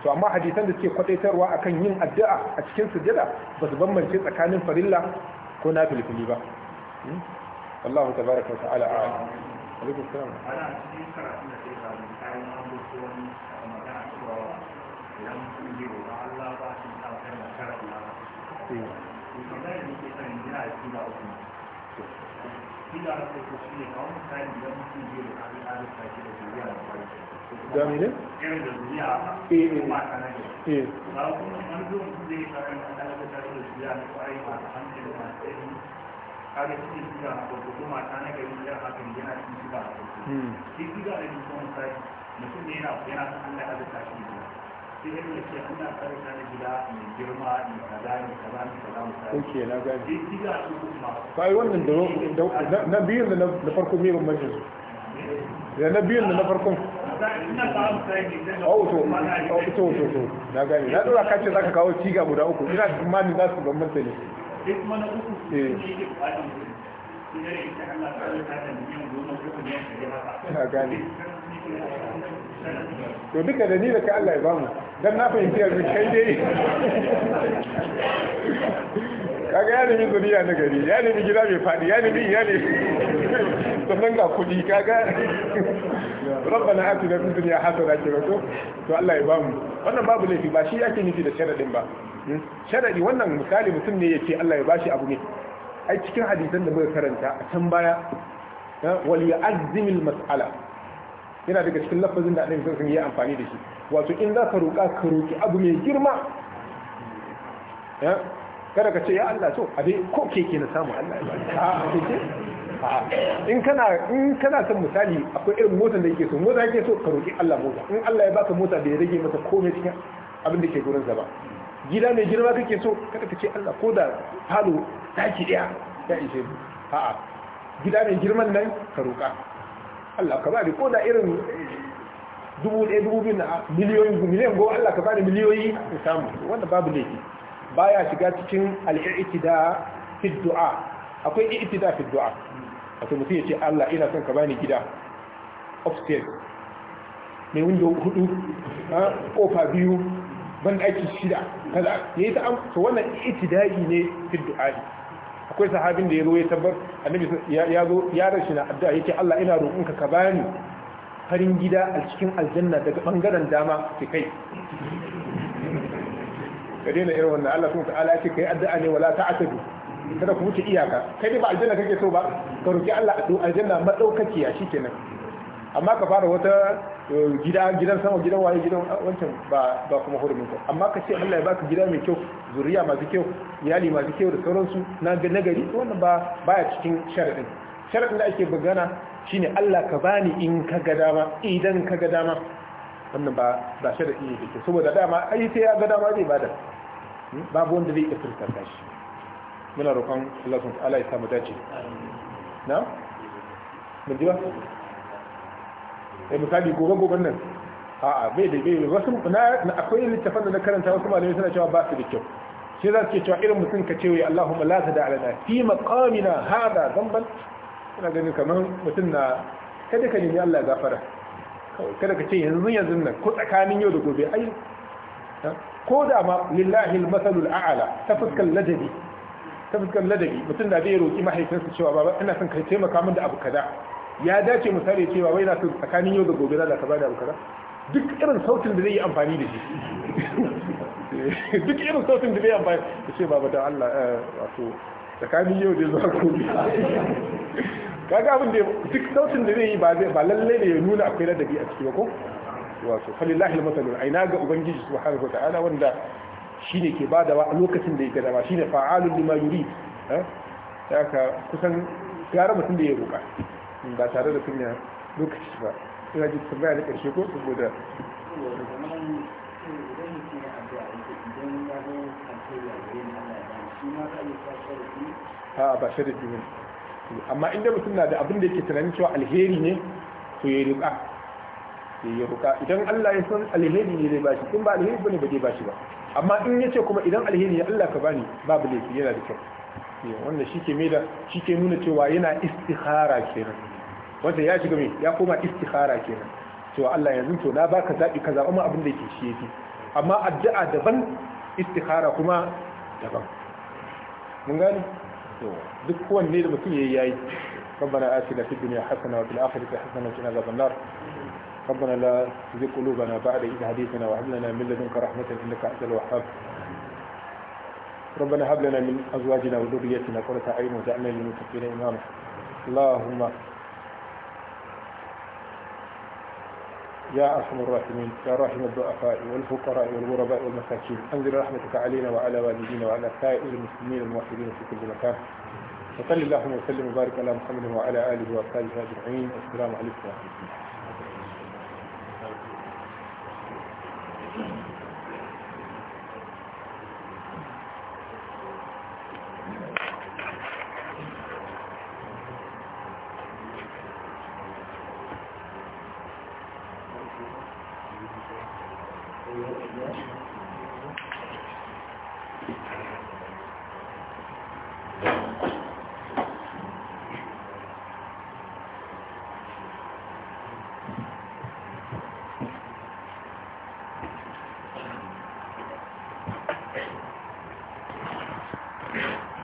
to amma hadisan da suke kwadaitarwa akan yin addu'a a cikin sujada ba su bambance tsakanin farilla ko kuli ba hmm? Allahu tabaaraka wa ta'ala a'lam alaikum salam ana cikin karatu da ke ba kayan abubuwan magana cewa idan kun ji Allah ba shi ta karanta karatu ina rasa ko shi da da mene? ko ba a hankali ba sai kaga a a sai ya ana da gida mai girma kaza kaza kaza kaza na gani sai gida su kuma wannan da na biyun da na farko me ban mace su da na biyun da na farkon oh, oh, to, to, to, na gani, na ɗora kacin za ka kawo ciga guda uku, ina tsammanin za su bambanta ne. Na gani. to duka da ni da ka Allah ya bamu dan na fahimci yanzu kai dai kaga ya nemi duniya na gari ya nemi gida mai faɗi ya nemi iyali sannan ga kuɗi kaga rabbana atina fi dunya hasana kira to to Allah ya bamu wannan babu laifi ba shi yake nufi da sharadin ba hmm? sharadi wannan misali mutum ne yake Allah ya bashi abu ne ai cikin hadisan da muka karanta a can baya eh, wal ya'zimil mas'ala yana daga cikin lafazin da annabi sallallahu alaihi wasallam ya amfani da shi wato in za ka roƙa ka roƙi abu mai girma ya kada ka ce ya Allah to a dai ko keke na samu Allah ya keke in kana in kana son misali akwai irin motar da yake so mota yake so ka roƙi Allah mota in Allah ya baka mota da ya rage masa komai cikin abin da ke gurin sa ba gida mai girma kake so kada ka ce Allah ko da falo daki daya ya ishe a'a gida mai girman nan ka roƙa Allah ka ni ko da irin dubu ɗaya dubu biyu na miliyoyin miliyan ko. Allah ka bani miliyoyi ku samu wanda babu laifi baya shiga cikin al'i'tida fi du'a akwai i'tida fi du'a wato mutum ya ce Allah ina son ka bani gida upstairs mai window hudu kofa biyu ban aiki shida kaza yayi ta to wannan i'tidai ne fi du'a akwai sahabin da ya zo ya tabbar annabi ya zo ya rashi na addu'a yake Allah ina roƙonka ka bani farin gida a cikin aljanna daga bangaren dama ki kai ka daina irin wannan Allah subhanahu ta'ala yake kai addu'a ne wala ta'tadu kada ku wuce iyaka kai dai ba aljanna kake so ba ka roki Allah addu'a aljanna madaukakiya shikenan amma ka fara wata gida gidan sama gidan waye gidan wancan ba ba kuma hurumin ka amma ka ce Allah ya baka gida mai kyau zuriya masu kyau iyali masu kyau da sauransu na nagari wannan ba baya cikin sharadin sharadin da ake bugana shine Allah ka bani in ka ga dama idan ka ga dama wannan ba ba sharadi ne kike saboda dama ai sai ya ga dama zai bada hmm? babu wanda zai iya furta shi muna roƙon Allah subhanahu wa ta'ala ya samu dace na mun ji ba eh misali gobe goben nan a'a bai da bai wasu na akwai littafin da na karanta wasu malamai suna cewa ba su da kyau sai za su ce cewa irin mutum ka cewa Allahumma la tada alana fi maqamina hada zamban ina ganin kamar mutum na kada ka nemi Allah gafara kada ka ce yanzu yanzu nan ko tsakanin yau da gobe ai ko da ma lillahi al-masalul a'la ta fuskar ladabi ta fuskar ladabi mutum da bai roki mahaifinsa cewa baba ina son kai taimaka min da abu kaza ya dace mu sare cewa wai na su tsakanin yau da gobe za ka bada bukara duk irin sautin da zai yi amfani da shi duk irin sautin da zai amfani da ce ba da Allah eh, wato tsakanin yau da zuwa gobe kaga abin da duk sautin da zai yi ba ba lalle ne ya nuna akwai ladabi a ciki ba ko wato falillahi almasalul aina ga ubangiji subhanahu wataala wanda shine ke badawa a lokacin da ya ga dama shine fa'alul lima yurid eh? haka kusan gara mutum da ya roƙa ba tare da kunya lokaci ba ina ji tambaya da ƙarshe ko saboda a ba sharafi ne amma inda mutum na da abin da yake tunanin cewa alheri ne to ya riƙa ya yi ruka idan Allah ya san alheri ne zai bashi in ba alheri bane ba zai bashi ba amma in ya ce kuma idan alheri ya Allah ka bani babu laifi yana da kyau wannan shi ke nuna cewa yana istihara kenan wanda ya shiga mai ya koma istikhara kenan to Allah yanzu to na baka zabi ka zaba mu abin da yake shi yafi amma addu'a daban istikhara kuma daban mun gani to duk kowanne da mutum yayi yayi ربنا آتنا في الدنيا حسنة وفي الآخرة حسنة وقنا عذاب النار ربنا لا تزغ قلوبنا بعد إذ هديتنا وهب لنا من لدنك رحمة إنك أنت الوهاب ربنا هب لنا من أزواجنا وذريتنا قرة أعين واجعلنا للمتقين إماما اللهم يا أرحم الراحمين يا راحم الضعفاء والفقراء والغرباء والمساكين أنزل رحمتك علينا وعلى والدينا وعلى سائر المسلمين الموحدين في كل مكان وصل اللهم وسلم وبارك على محمد وعلى آله وأصحابه أجمعين السلام عليكم ورحمة الله